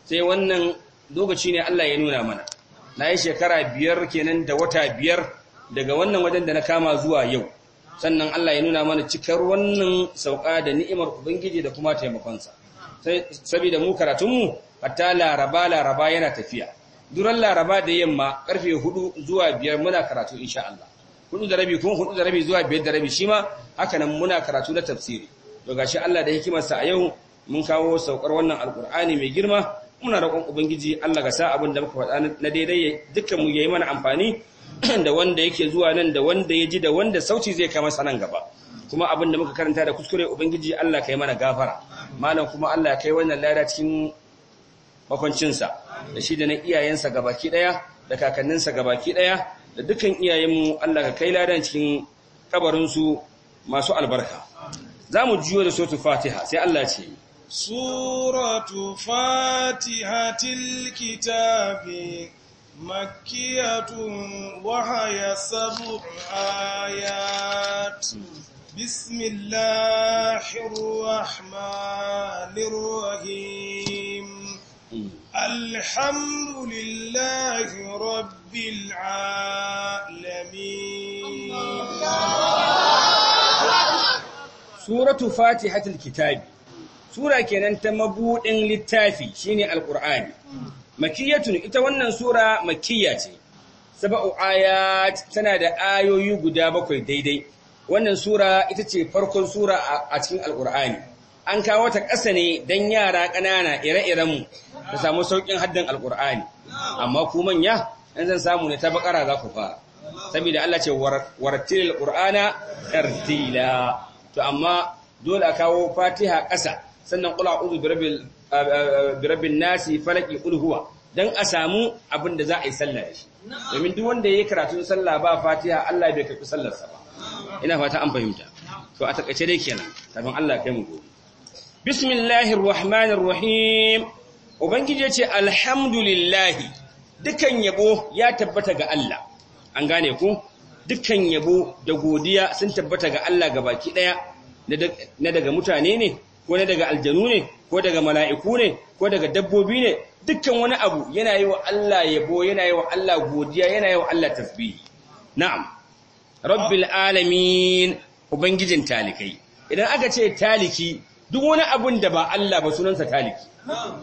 sai wannan lokaci ne Allah ya nuna mana Na yi shekara biyar kenan da wata biyar daga wannan wajen da na kama zuwa yau sannan Allah ya nuna mana cikar wannan sauka da ni'imar ubangiji da kuma taimakonsa saboda mu karatunmu hatta laraba laraba yana tafiya duran laraba da yamma karfe hudu zuwa biyar muna karatu insha Allah hudu da rabi kuma hudu da rabi zuwa biyar da rabi shi ma haka nan muna karatu na tafsiri to gashi Allah da hikimarsa a yau mun kawo saukar wannan alkur'ani mai girma muna roƙon ubangiji Allah ga sa abin da muka faɗa na daidai dukkan mu yi mana amfani da wanda yake zuwa nan da wanda ya ji da wanda sauci zai kai masa nan gaba kuma abin da muka karanta da kuskure ubangiji Allah kai mana gafara malam kuma Allah kai wannan lada cikin makwancinsa da shi da na iyayensa gabaki daya da kakanninsa gabaki daya da dukkan iyayenmu Allah ka kai lada cikin kabarinsu masu albarka zamu mu jiyo da suratul fatiha sai Allah ce
suratu fatihatil kitabi makiyatun wahaya sabon ayatu bismillahirrahmanirrahim alhamdulillahi rabbil alamin
suratu fatihatul kitabi sura kenan ta mabudin littafi shine alqur'ani makiyatun ita wannan sura makiyya ce sab'u ayat tana da ayoyi guda bakwai daidai wannan sura ita ce farkon sura a cikin alqur'ani an kawo ta ƙasa ne dan yara ƙanana ire-iren mu ta samu saukin haddan alqur'ani amma ku manya in zan samu ne ta bakara za ku fara saboda Allah ce wartilil alqur'ana tartila to amma dole a kawo fatiha ƙasa sannan qul a'udhu birabbil birabbin nasi falaki ulhuwa don a samu abin da za a yi sallah ya shi domin duk wanda ya yi karatun sallah ba fatiha Allah bai sallar sallarsa
ba
ina fata an fahimta to a takaice dai kenan kafin Allah kai mu gobe bismillahir rahmanir rahim ubangiji ya ce lillahi dukan yabo ya tabbata ga Allah an gane ku dukan yabo da godiya sun tabbata ga Allah gabaki daya na daga mutane ne ko ne daga aljanu ne ko daga mala'iku ne ko daga dabbobi ne dukkan wani abu yana yi wa Allah yabo yana yi wa Allah godiya yana yi wa Allah tasbihi na'am rabbil alamin ubangijin talikai idan aka ce taliki duk wani abun da ba Allah ba sunansa taliki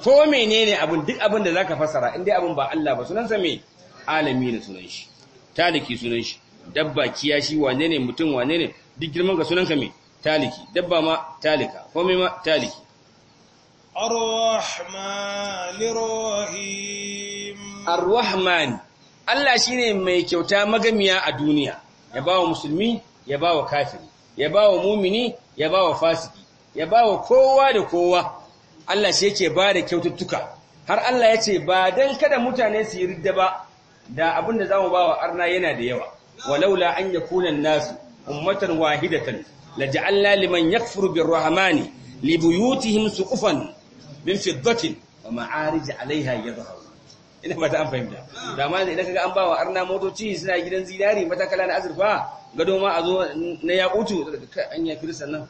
ko menene abun duk abun da zaka fasara indai abun ba Allah ba sunansa me alami sunan shi taliki sunan shi dabba kiyashi wane ne mutum wane ne duk girman ka sunanka me taliki dabba ma talika komai ma taliki ar Allah shine mai kyauta magamiya a duniya ya bawa musulmi ya bawa kafiri ya bawa mumini ya bawa fasiki ya bawa kowa da kowa Allah shi yake ba da kyaututtuka har Allah ya ce ba dan kada mutane su yi ridda ba da abinda zamu bawa arna yana da yawa walaula an yakuna nasu ummatan wahidatan لجعلنا لمن يكفر بالرحمن لبيوتهم سقفا من فضة ومعارج عليها يظهر ina mata an fahimta da ma idan kaga an bawa arna motoci suna gidan zinari matakala na azurfa gado ma a na yakutu an ya kirista nan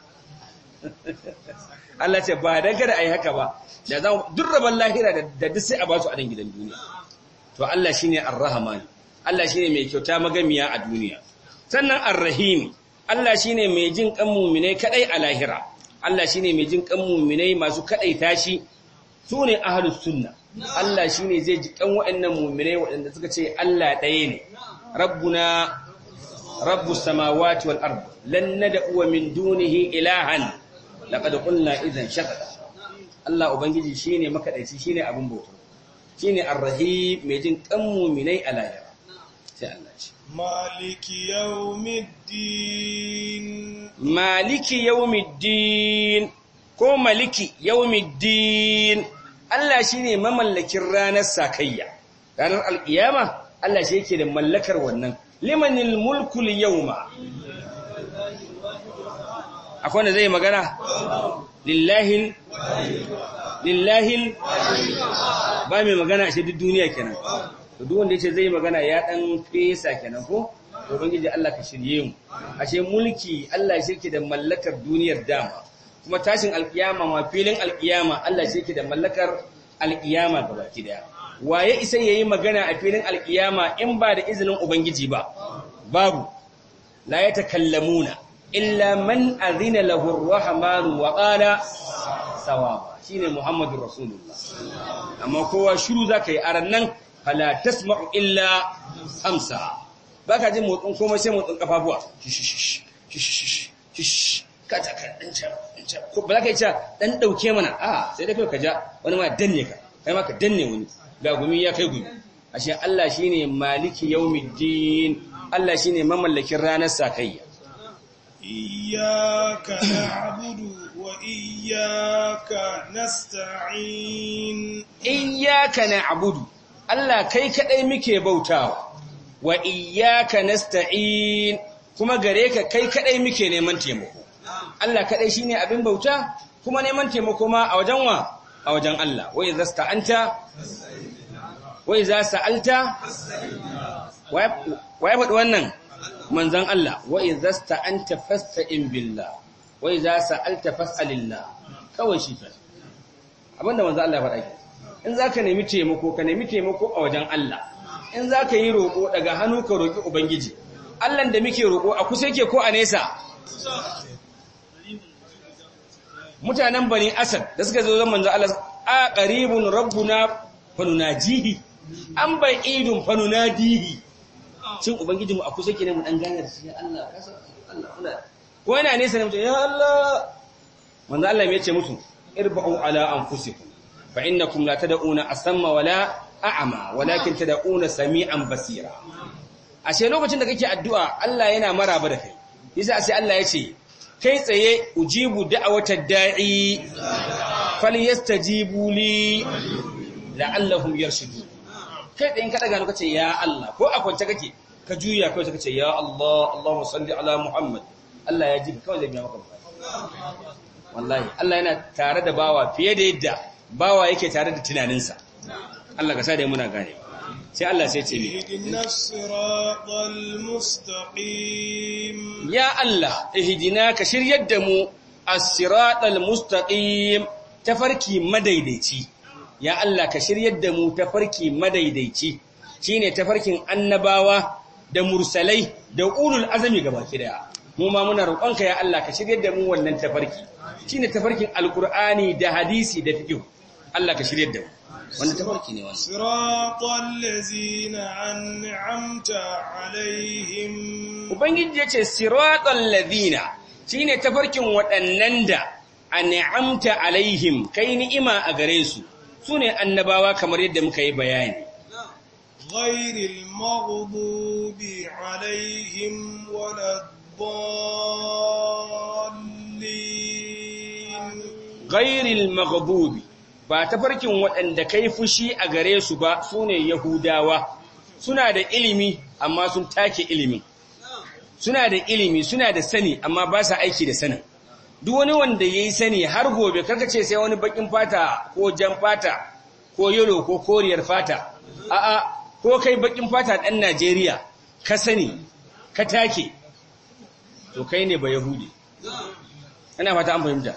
Allah ce ba dan kada ai haka ba da za duk lahira da duk sai a ba su a dan gidan duniya to Allah shine ar-rahman Allah shine mai kyauta magamiya a duniya sannan ar-rahim Allah shi ne mai jin kan mu'minai kadai a lahira Allah shi ne mai jin kan mu'minai masu kadai tashi su ne ahlus sunna Allah ne zai ji kan waɗannan mu'minai waɗanda suka ce Allah ɗaya ne rabbuna rabbus samawati wal ard lan nad'u min dunihi ilahan da qulna idhan shaqqa Allah ubangiji shi ne makaɗaici, shi ne abin bauta shine ar-rahim mai jin kan mu'minai a lahira sai Allah ce
Maliki يوم الدين
مالك ko maliki yawmiddin Allah shine mamallakin ranar sakayya ranar alkiyama Allah shi yake da mallakar wannan limanil mulku yawma akwai wanda zai magana lillahi lillahi ba mai magana a shi duniya kenan to duk wanda yace zai magana ya ɗan fesa kenan ko ubangiji Allah ka shirye mu ashe mulki Allah shirke da mallakar duniyar dama kuma tashin alkiyama ma filin alkiyama Allah shirke da mallakar alkiyama gabaki daya waye isa yayi magana a filin alkiyama in ba da izinin ubangiji ba babu la yatakallamuna illa man azina lahu ar-rahmanu wa qala sawaba shine muhammadur rasulullah amma kowa shiru zaka yi aran nan fala tasma'u illa hamsa baka ji motsin komai sai motsin kafafuwa kata ka dan can can ko ba za ka ca dan dauke mana a sai dai kai ka ja wani ma danne ka kai ma ka danne wani ga gumi ya kai gumi ashe Allah shine maliki yawmiddin Allah shine mamallakin ranar sakayya
iyyaka na'budu wa iyyaka
Allah kai kaɗai muke bautawa wa iyyaka nasta'in kuma gare ka kai kaɗai muke neman taimako Allah kaɗai shine abin bauta kuma neman taimako ma a wajen wa a wajen Allah wa idza sta'anta wa idza sa'alta wa ya faɗi wannan manzon Allah wa idza sta'anta fasta'in billah wa idza sa'alta fas'alillah kawai shi fa abinda manzon Allah ya faɗa in za ka nemi taimako ka nemi taimako a wajen Allah in za ka yi roƙo daga hannu ka roƙi ubangiji Allahn da muke roƙo a kusa yake ko a nesa mutanen bani asad da suka zo zan manzo Allah a qaribun rabbuna fanunajihi an bai idun fanunadihi cin ubangijinmu a kusa kenan mu dan gane da
shi Allah Allah
kula ko yana nesa ne mutum ya Allah manzo Allah me ya ce mutum irba'u ala anfusikum fa innakum la tad'una asamma wala a'ma walakin tad'una sami'an basira ashe lokacin da kake addu'a Allah yana maraba da kai yasa sai Allah ya ce kai tsaye ujibu da'awatad da'i falyastajibu li la'allahum yarshudu kai tsaye ka daga lokacin ya Allah ko a kwance kake ka juya kai ka ce ya Allah Allahumma salli ala Muhammad Allah ya ji kawai zai biya maka wallahi Allah yana tare da bawa fiye da yadda bawa yake tare da tunaninsa Allah ka sa da muna gane sai Allah sai ce ni ya Allah ihdina ka shiryar da mu as-siratal mustaqim tafarki madaidaici ya Allah ka shiryar da mu tafarki madaidaici shine tafarkin annabawa da mursalai da ulul azmi gabaki daya mu ma muna roƙonka ya Allah ka shiryar da mu wannan tafarki shine tafarkin alqur'ani da hadisi da fiqh Allah ka shirye da mu wanda tabarki ne wannan
siratal ladzina an'amta alaihim
ubangiji yace siratal ladzina shine tafarkin waɗannan da an'amta alaihim kai ni'ima a gare su sune annabawa kamar yadda muka yi bayani
ghairil maghdubi alaihim walad
ghairil maghdubi ba tafarkin waɗanda ka yi fushi a gare su ba su ne Yahudawa, suna da ilimi amma sun take ilimin, suna da ilimi suna da sani amma ba sa aiki da sanin. Duk wani wanda ya yi sani har gobe ce sai wani bakin fata ko jan fata ko yalo ko koriyar fata, a'a ko kai bakin fata ɗan Najeriya ka sani, ka take, to kai ne ba Yahudi. ina fata an fahimta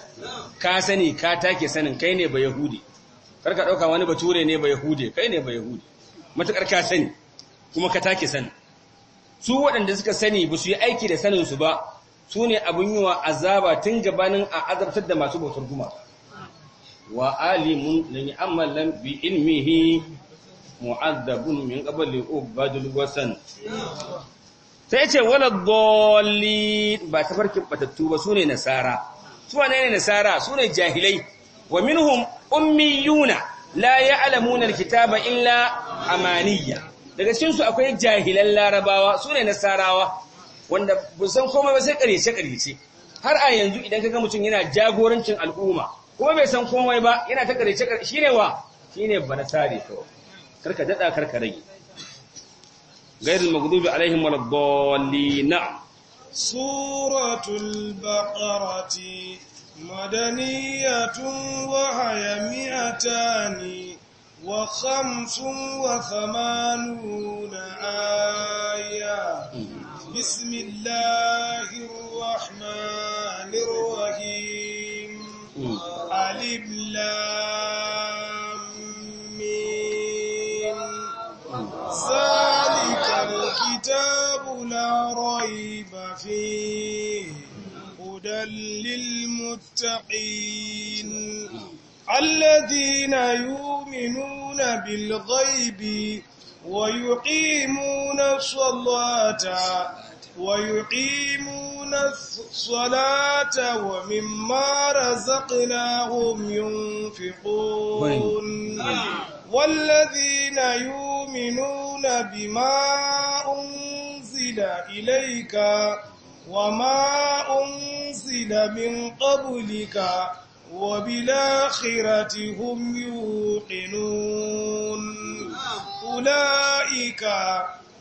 ka sani ka take sanin kai ne ba yahudi kar ka dauka wani bature ne ba yahudi kai ne ba yahudi matukar ka sani kuma ka take sanin su waɗanda suka sani ba su yi aiki da sanin su ba su ne abun yi wa azaba tun gabanin a azabtar da masu bautar guma wa alimun lam ya'malan bi ilmihi mu'azzabun min qabli ubadul wasan sai ce wala dolli ba ta farkin batattu ba su ne nasara su wane ne nasara su ne jahilai wa minhum ummiyuna la ya'lamuna alkitaba illa amaniya daga cikin su akwai jahilan larabawa su ne nasarawa wanda ba san komai ba sai ƙarshe ƙarshe har a yanzu idan kaga mutum yana jagorancin al'umma kuma bai san komai ba yana ta ƙarshe Shi shine wa shine ba to karka dada karka rage غير المغضوب عليهم ولا الضالين نعم
سورة البقرة مدنية وهي مئتان وخمس وثمانون آية بسم الله الرحمن الرحيم ألف لام الكتاب لا ريب فيه هدى للمتقين الذين يؤمنون بالغيب ويقيمون الصلاة ويقيمون الصلاة ومما رزقناهم ينفقون والذين يؤمنون بما أنزل إليك وما أنزل من قبلك وبالآخرة هم يوقنون أولئك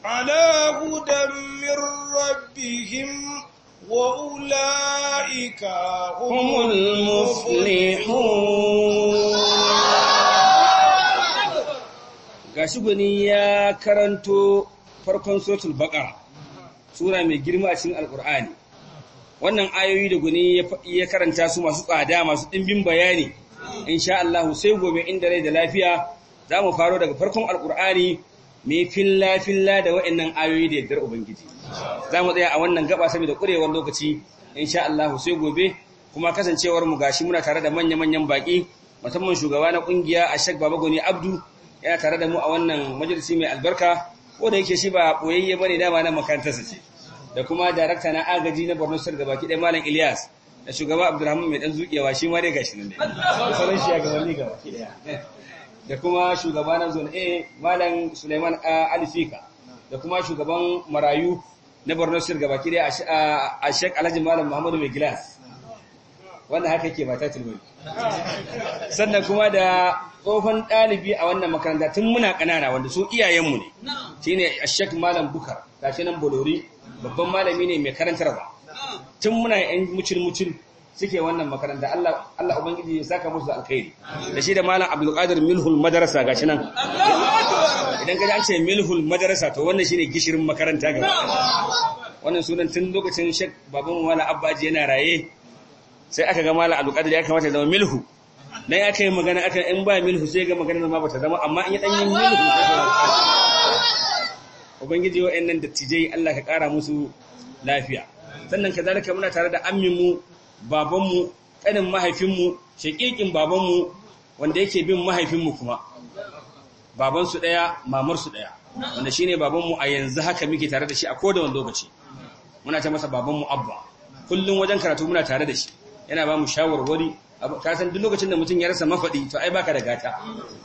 على هدى من ربهم وأولئك هم
المفلحون gashi gwani ya karanto farkon suratul baqara sura mai girma a cikin al'kur'ani wannan ayoyi da gwani ya karanta su masu tsada masu dimbin bayani insha Allah sai gobe inda rai da lafiya za mu faro daga farkon al'kur'ani mai filla filla da wa'annan ayoyi da yardar ubangiji za mu tsaya a wannan gaba sami da kurewar lokaci insha Allah sai gobe kuma kasancewar mu gashi muna tare da manya-manyan baƙi musamman shugaba na kungiya Ashek Babagoni Abdu yana tare da mu a wannan majalisi mai albarka ko da yake shi ba boyayye bane dama nan makarantarsa ce da kuma director na agaji na Borno State gabaki dai Malam Ilyas da shugaba Abdulrahman mai dan zukewa shi ma dai gashi nan dai
sanin shi ya gabanni gabaki
da kuma shugaba na zone A Malam Suleiman Alifika da kuma shugaban marayu na Borno State gabaki dai a Sheikh Alhaji Malam Muhammadu Mai Gilas wannan haka ke mata tilmai sannan kuma da tsohon ɗalibi a wannan makaranta tun muna ƙanana wanda su iyayenmu ne Shi a ashek malam bukar gashi nan bolori babban malami ne mai karantar ba. tun muna yan mucin mucin suke wannan makaranta Allah Allah ubangiji ya saka musu alkhairi da shi da malam Abdul Qadir Milhul ga gashi nan idan ka an ce Milhul Madarasa to wannan shine gishirin makaranta gaba wannan sunan tun lokacin shek Baban Wala Abbaji yana raye sai aka ga malam Abdul ya kamata ya zama Milhu dan aka yi magana aka in ba milhu sai ga magana ma bata zama amma in ya dan yi milhu ubangiji wa'annan dattijai Allah ka kara musu lafiya sannan kazalika muna tare da amminmu mu baban mu kanin mahaifin mu shakikin baban mu wanda yake bin mahaifin mu kuma baban su daya mamar daya wanda shine baban mu a yanzu haka muke tare da shi a koda wanda lokaci muna ta masa babanmu abba kullum wajen karatu muna tare da shi yana ba mu shawarwari ka san duk lokacin da mutum ya rasa mafaɗi to ai baka da gata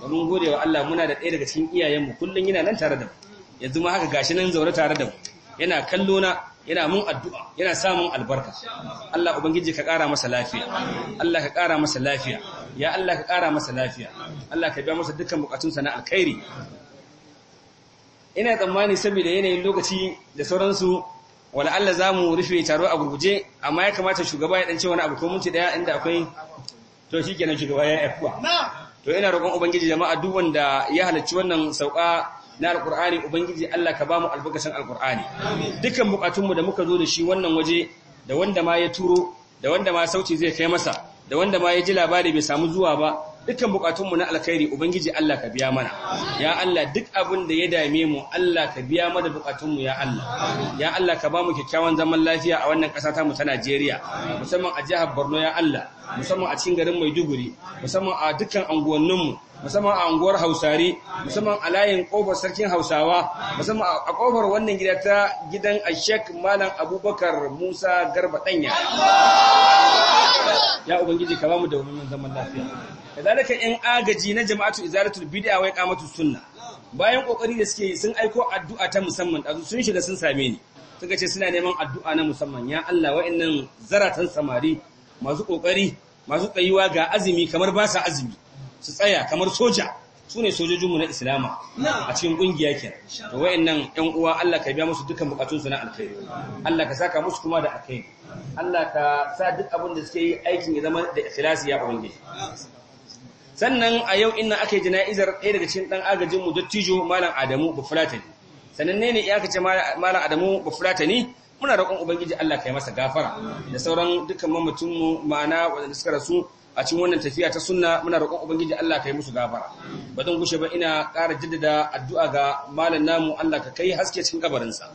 domin gode wa Allah muna da ɗaya daga cikin iyayenmu kullum yana nan tare da mu yanzu ma haka gashi nan zaure tare da mu yana kallo na yana mun addu'a yana samun albarka Allah ubangiji ka ƙara masa lafiya Allah ka ƙara masa lafiya ya Allah ka ƙara masa lafiya Allah ka biya masa dukkan sa na alkhairi ina tsammani saboda yanayin lokaci da sauransu wala Allah za mu rufe taro a gurguje amma ya kamata shugaba ya ɗance wani abu ko minti ɗaya inda akwai to shi kenan shugaba ya kuwa. to ina roƙon ubangiji jama'a duk wanda ya halarci wannan sauka na alƙur'ani ubangiji Allah ka ba mu albarkacin alƙur'ani dukkan buƙatunmu da muka zo da shi wannan waje da wanda ma ya turo da wanda ma sauci zai kai masa da wanda ma ya ji labari bai samu zuwa ba dukkan bukatunmu na alkhairi ubangiji Allah ka biya mana ya Allah duk abin da ya dame mu Allah ka biya mana bukatunmu ya Allah ya Allah ka ba mu kyakkyawan zaman lafiya a wannan kasa ta mu ta Najeriya musamman a jihar Borno ya Allah musamman a cikin garin Maiduguri musamman a dukkan anguwanninmu musamman a unguwar hausari musamman a layin kofar sarkin hausawa musamman a kofar wannan gida ta gidan ashek malam abubakar musa garba danya ya ubangiji ka ba mu da zaman lafiya kazalika yan agaji na jama'atu izaratul bid'a wa iqamatu sunna bayan kokari da suke yi sun aiko addu'a ta musamman dazu sun shiga sun same ni suka ce suna neman addu'a na musamman ya Allah wa'annan zaratan samari masu kokari masu tsayuwa ga azumi kamar ba sa azumi su tsaya kamar soja sune sojojin mu na islama a cikin kungiya kenan to wayannan ƴan uwa Allah ka biya musu dukkan su na alkhairi Allah ka saka musu kuma da alkhairi Allah ka sa duk abin da suke yi aikin ya zama da ikhlasi ya ubangiji sannan a yau ina aka yi jana'izar ɗaya daga cikin ɗan agajin mu dattijo malam adamu bafulatani sananne ne ya kace malam adamu bafulatani muna roƙon ubangiji Allah kai masa gafara da sauran dukkan mamacin ma'ana wanda suka rasu a cikin wannan tafiya ta sunna muna roƙon ubangiji Allah kai musu gafara ba zan gushe ba ina ƙara jaddada addu'a ga malam namu Allah ka kai haske cikin kabarinsa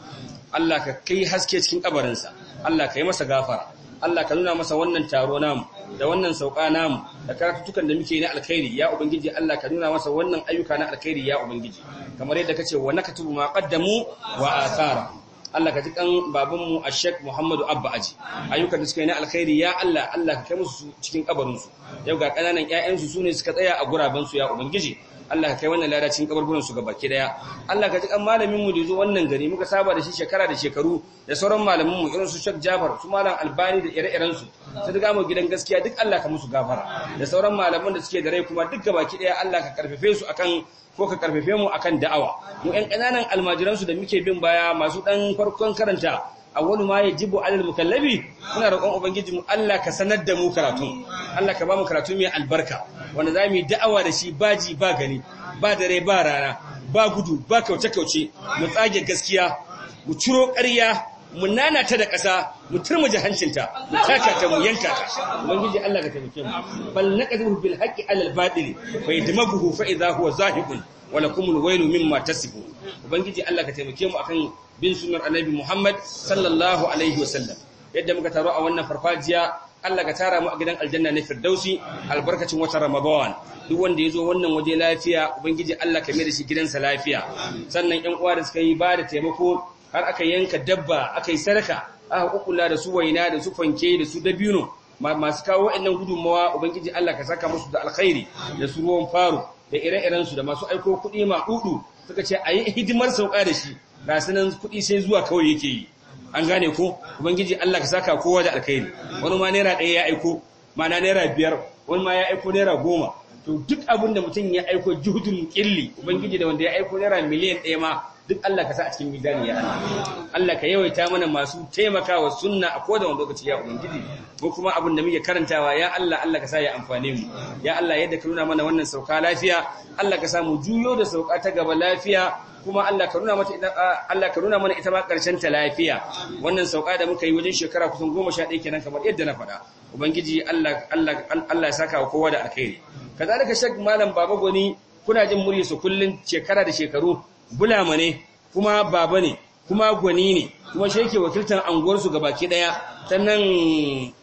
Allah ka kai haske cikin kabarinsa Allah kai masa gafara Allah ka nuna masa wannan taro namu da wannan sauka namu da karatutukan da muke na alkhairi ya ubangiji Allah ka nuna masa wannan ayyuka na alkhairi ya ubangiji kamar yadda kace wa nakatubu ma qaddamu wa athara Allah ka ji kan babanmu a Sheikh Muhammadu Abba Aji ayyukan da suka yi na alkhairi ya Allah Allah ka kai musu cikin kabarinsu yau ga kananan 'ya'yansu su ne suka tsaya a gurabansu ya ubangiji Allah ka kai wannan lada cikin kaburburan su gabaki daya Allah ka ji kan malamin mu da zo wannan gari muka saba da shi shekara da shekaru da sauran malaman mu irin su Sheikh Jafar su malam Albani da ire-iren su su mu gidan gaskiya duk Allah ka musu gafara da sauran malamin da suke da rai kuma duk baki daya Allah ka karfafe su akan ko ka karfafe mu akan da'awa mu ƴan ƙananan almajiransu da muke bin baya masu ɗan farkon karanta awwalu ma yajibu alal mukallabi muna roƙon ubangiji mu Allah ka sanar da mu karatu Allah ka ba mu karatu mai albarka wanda za mu yi da'awa da shi ba ji, ba gani ba dare ba rana ba gudu ba kauce kauce mu tsage gaskiya mu ciro ƙarya mu nanata da ƙasa mu turmuje hancinta mu taka ta mu yanka ta ubangiji Allah ka taimake mu bal naqdiru bil haqqi alal batil fa yadmaguhu fa idha huwa zahiqun wa lakumul wailu mimma tasifun ubangiji Allah ka taimake mu akan bin sunnar annabi Muhammad sallallahu alaihi wasallam yadda muka taro a wannan farfajiya Allah ka tara mu a gidan aljanna na firdausi albarkacin watan ramadan duk wanda ya zo wannan waje lafiya ubangiji Allah ka mai da shi gidansa lafiya sannan ƴan uwa da suka yi ba da taimako har aka yanka dabba aka yi sadaka aka kukula da su waina da su fanke da su dabino masu kawo waɗannan gudunmawa ubangiji Allah ka saka musu da alkhairi da su ruwan faru da ire-iren su da masu aiko kuɗi ma dudu suka ce a yi hidimar sauka da shi ga sanan kuɗi sai zuwa kawai yake yi an gane ko ubangiji Allah ka saka kowa da alkhairi wani ma naira ɗaya ya aiko mana naira biyar wani ma ya aiko naira goma to duk abin da mutum ya aiko juhudun ƙilli ubangiji da wanda ya aiko naira miliyan ɗaya ma duk Allah ka sa a cikin mizani ya Allah Allah ka yawaita mana masu taimakawa sunna a koda wani lokaci ya ubangiji ko kuma abin da muke karantawa ya Allah Allah ka sa ya amfane mu ya Allah yadda ka nuna mana wannan sauka lafiya Allah ka sa mu juyo da sauka ta gaba lafiya kuma Allah ka nuna mata Allah ka nuna mana ita ma ƙarshen ta lafiya wannan sauka da muka yi wajen shekara kusan goma sha 11 kenan kamar yadda na faɗa ubangiji Allah Allah Allah ya saka wa kowa da alkhairi kazalika shek malam baba goni kuna jin murya kullum kullun shekara da shekaru bulama ne kuma baba ne kuma gwani ne kuma shi wakiltar anguwarsu ga baki daya ta nan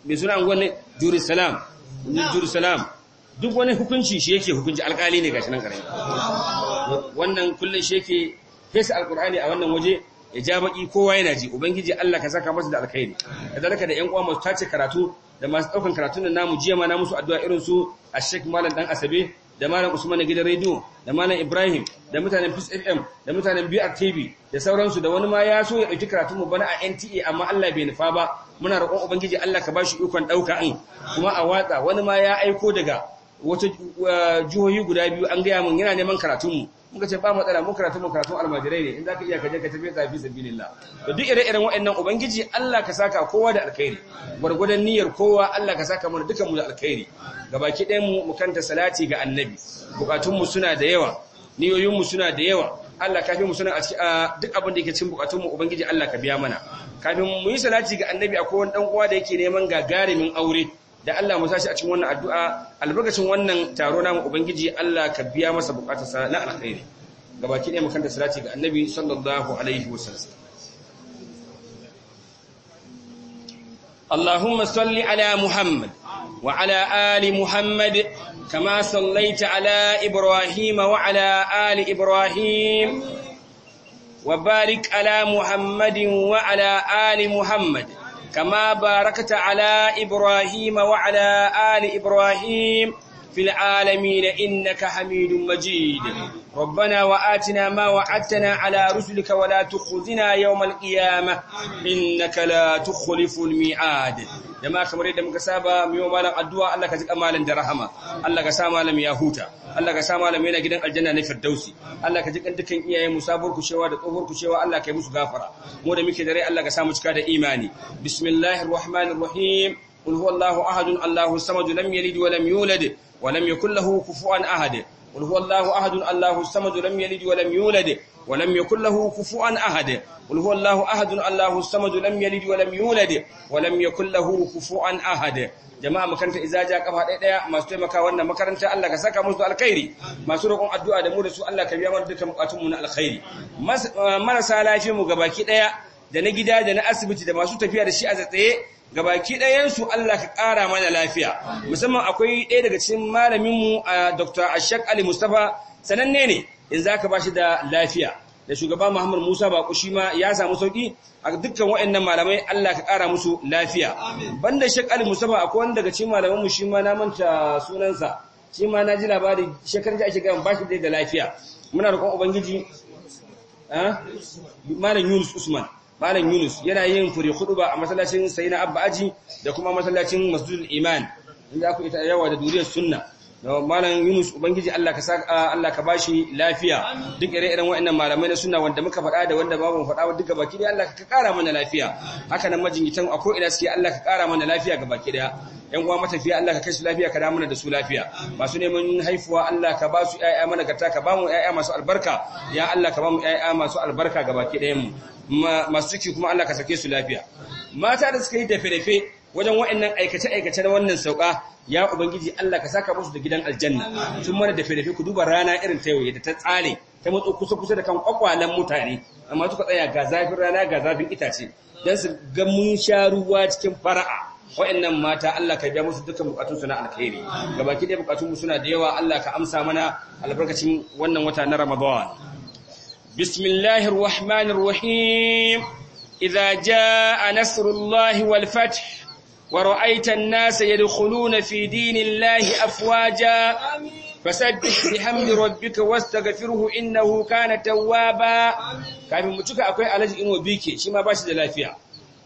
mai suna anguwar ne jurisalam jurisalam duk wani hukunci shi yake hukunci alƙali ne ga shi nan ƙarami wannan kullum shi yake fesa alƙur'ani a wannan waje ya ja baki kowa yana ji ubangiji Allah ka saka masa da alkhairi kadalaka da yan uwa masu tace karatu da masu daukan karatu da namu jiya ma na musu addu'a irin su a shek Malam dan Asabe da malam Usman gidan rediyo da malam Ibrahim da mutanen Peace FM da mutanen BR TV da sauransu da wani ma ya so ya dauki karatun mu bana a NTA amma Allah bai nufa ba muna roƙon ubangiji Allah ka bashi ikon dauka in kuma a watsa wani ma ya aiko daga wata uh, jihohi guda biyu an gaya mun yana neman karatun mu muka ce ba matsala mu karatu mu almajirai ne in zaka iya ka je ka tafi tsafi sabilillah Da duk ire-iren waɗannan ubangiji Allah ka saka kowa da alkhairi gurgudan niyyar kowa Allah ka saka mana dukan mu da alkhairi gabaki ɗayan mu mu kanta salati ga annabi bukatun mu suna da yawa niyoyin suna da yawa Allah kafin mu suna a duk abin da yake cin bukatun mu ubangiji Allah ka biya mana kafin mu yi salati ga annabi akwai wani dan uwa da yake neman gagarumin aure da Allah mu sashi a cikin wannan addu'a albarkacin wannan taro namu ubangiji Allah ka biya masa sa na alkhairi gabaki ɗaya makanta salati ga annabi sallallahu alaihi wasallam اللهم صل على محمد وعلى آل محمد كما صليت على إبراهيم وعلى آل إبراهيم وبارك على محمد وعلى آل محمد كما باركت على إبراهيم وعلى آل إبراهيم في العالمين إنك حميد مجيد ربنا وآتنا ما وعدتنا على رسلك ولا تخزنا يوم القيامة إنك لا تخلف الميعاد jama'a kamar yadda muka saba mu yi malam addu'a Allah ka ji malam da Allah ka sa malam ya huta Allah ka sa malam yana gidan aljanna na firdausi Allah ka ji kan dukan iyayen mu sabuwar kushewa da tsohuwar kushewa Allah ka yi musu gafara mu da muke dare Allah ka sa mu cika da imani bismillahir rahmanir ahadun allahus samad lam yalid wa lam ولم يكن له كفوا أحد قل هو الله أحد الله الصمد لم يلد ولم يولد ولم يكن له كفوا أحد قل هو الله أحد الله الصمد لم يلد ولم يولد ولم يكن له كفوا أحد jama'a makaranta izaja kafa ɗaya ɗaya masu taimaka wannan makaranta Allah ka saka musu alkhairi masu roƙon addu'a da mu da su Allah ka biya mana dukkan mu na alkhairi marasa lafiya mu gabaki ɗaya da na gida da na asibiti da masu tafiya da shi a tsaye gabaki ɗayansu Allah ka ƙara mana lafiya musamman akwai ɗaya daga cikin malaminmu a Dr. Ashak Ali Mustafa sananne ne in za ka ba shi da lafiya da shugaba Muhammad Musa ba kushi ma ya samu sauki a dukkan waɗannan malamai Allah ka ƙara musu lafiya banda Shak Ali Mustafa akwai wanda daga cikin malaminmu shi ma na manta sunansa shi ma na ji labari shekarar da ake gaya ba shi da lafiya muna roƙon ubangiji ah, malam Yunus Usman malam Yunus yana yin fure ba a masallacin Sayyidina Abba Aji da kuma masallacin Masjidul Iman inda aka ita yawa da duriyar sunna malam Yunus ubangiji Allah ka ah, Allah ka bashi lafiya duk ire-iren waɗannan malamai na sunna wanda muka faɗa da wanda babu faɗa duka baki daya Allah ka ƙara mana lafiya haka nan majingitan a ko ina suke Allah ka ƙara mana lafiya ga baki daya yan uwa matafiya Allah ka kai su lafiya ka damuna da su lafiya masu neman haifuwa Allah ka ba su ƴaƴa mana gata ka ba mu ƴaƴa masu albarka ya Allah ka ba mu ƴaƴa masu albarka ga baki dayan mu masu ciki kuma Allah ka sake su lafiya mata da suka yi dafe-dafe wajen waɗannan aikace aikace na wannan sauka ya ubangiji Allah ka saka musu da gidan aljanna sun mana dafe dafe ku duba rana irin ta yau da ta tsale ta matso kusa kusa da kan kwakwalen mutane amma suka tsaya ga zafin rana ga zafin itace dan su ga mun sha ruwa cikin fara'a Waɗannan mata Allah ka biya musu dukkan bukatun su na alkhairi gabaki da bukatun mu suna da yawa Allah ka amsa mana albarkacin wannan wata na Ramadan bismillahir rahmanir rahim idza jaa nasrullahi wal ورأيت الناس يدخلون في دين الله أفواجا فسبح بحمد ربك واستغفره إنه كان توابا كافي متوكا أكوي علاج إنو بيكي شما باشي لافيا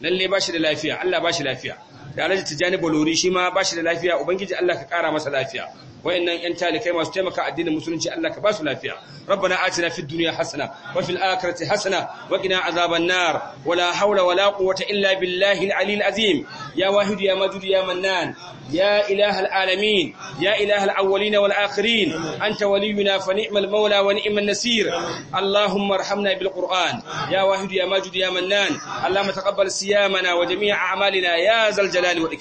lalle ba shi da lafiya Allah ba shi lafiya da alhaji tijani bolori shi ma ba shi da lafiya ubangiji Allah ka kara masa lafiya wayannan ƴan talikai masu taimaka addinin musulunci Allah ka ba su lafiya rabbana atina fid dunya hasana wa fil akhirati hasana wa qina azaban nar wala hawla wala quwwata illa billahi al ali al azim ya wahid ya majid ya mannan ya ilah al alamin ya ilah al awwalin wal akhirin anta waliyuna fa ni'mal mawla wa ni'mal nasir allahumma arhamna bil qur'an ya wahid ya majid ya mannan allahumma taqabbal siyamana wa jami'a a'malina ya zal jalali wal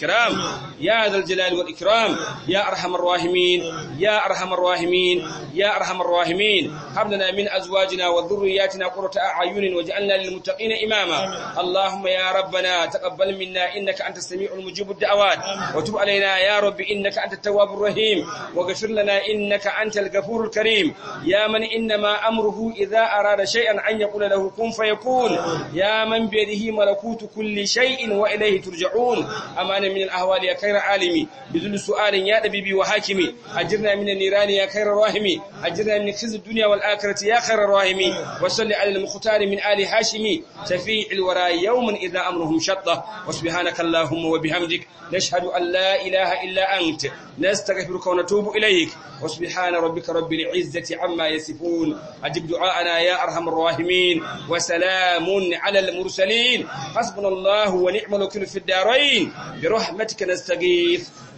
ya zal jalali wal ikram ya arhamar rahimin الراحمين يا أرحم الراحمين يا أرحم الراحمين هب لنا من أزواجنا وذرياتنا قرة أعين واجعلنا للمتقين إماما اللهم يا ربنا تقبل منا إنك أنت السميع المجيب الدعوات وتب علينا يا رب إنك أنت التواب الرحيم واغفر لنا إنك أنت الغفور الكريم يا من إنما أمره إذا أراد شيئا أن يقول له كن فيكون يا من بيده ملكوت كل شيء وإليه ترجعون أمان من الأهوال يا خير عالمي بذل سؤال يا دبيبي وحاكمي أجرنا من النيران يا خير الراحم أجرنا من خزي الدنيا والآخرة يا خير الراحم وصل على المختار من آل هاشم شفيع الورى يوما إذا أمرهم شطه وسبحانك اللهم وبحمدك نشهد أن لا إله إلا أنت نستغفرك ونتوب إليك وسبحان ربك رب العزة عما يصفون أجب دعاءنا يا أرحم الراحمين وسلام على المرسلين حسبنا الله ونعم الوكيل في الدارين برحمتك نستغيث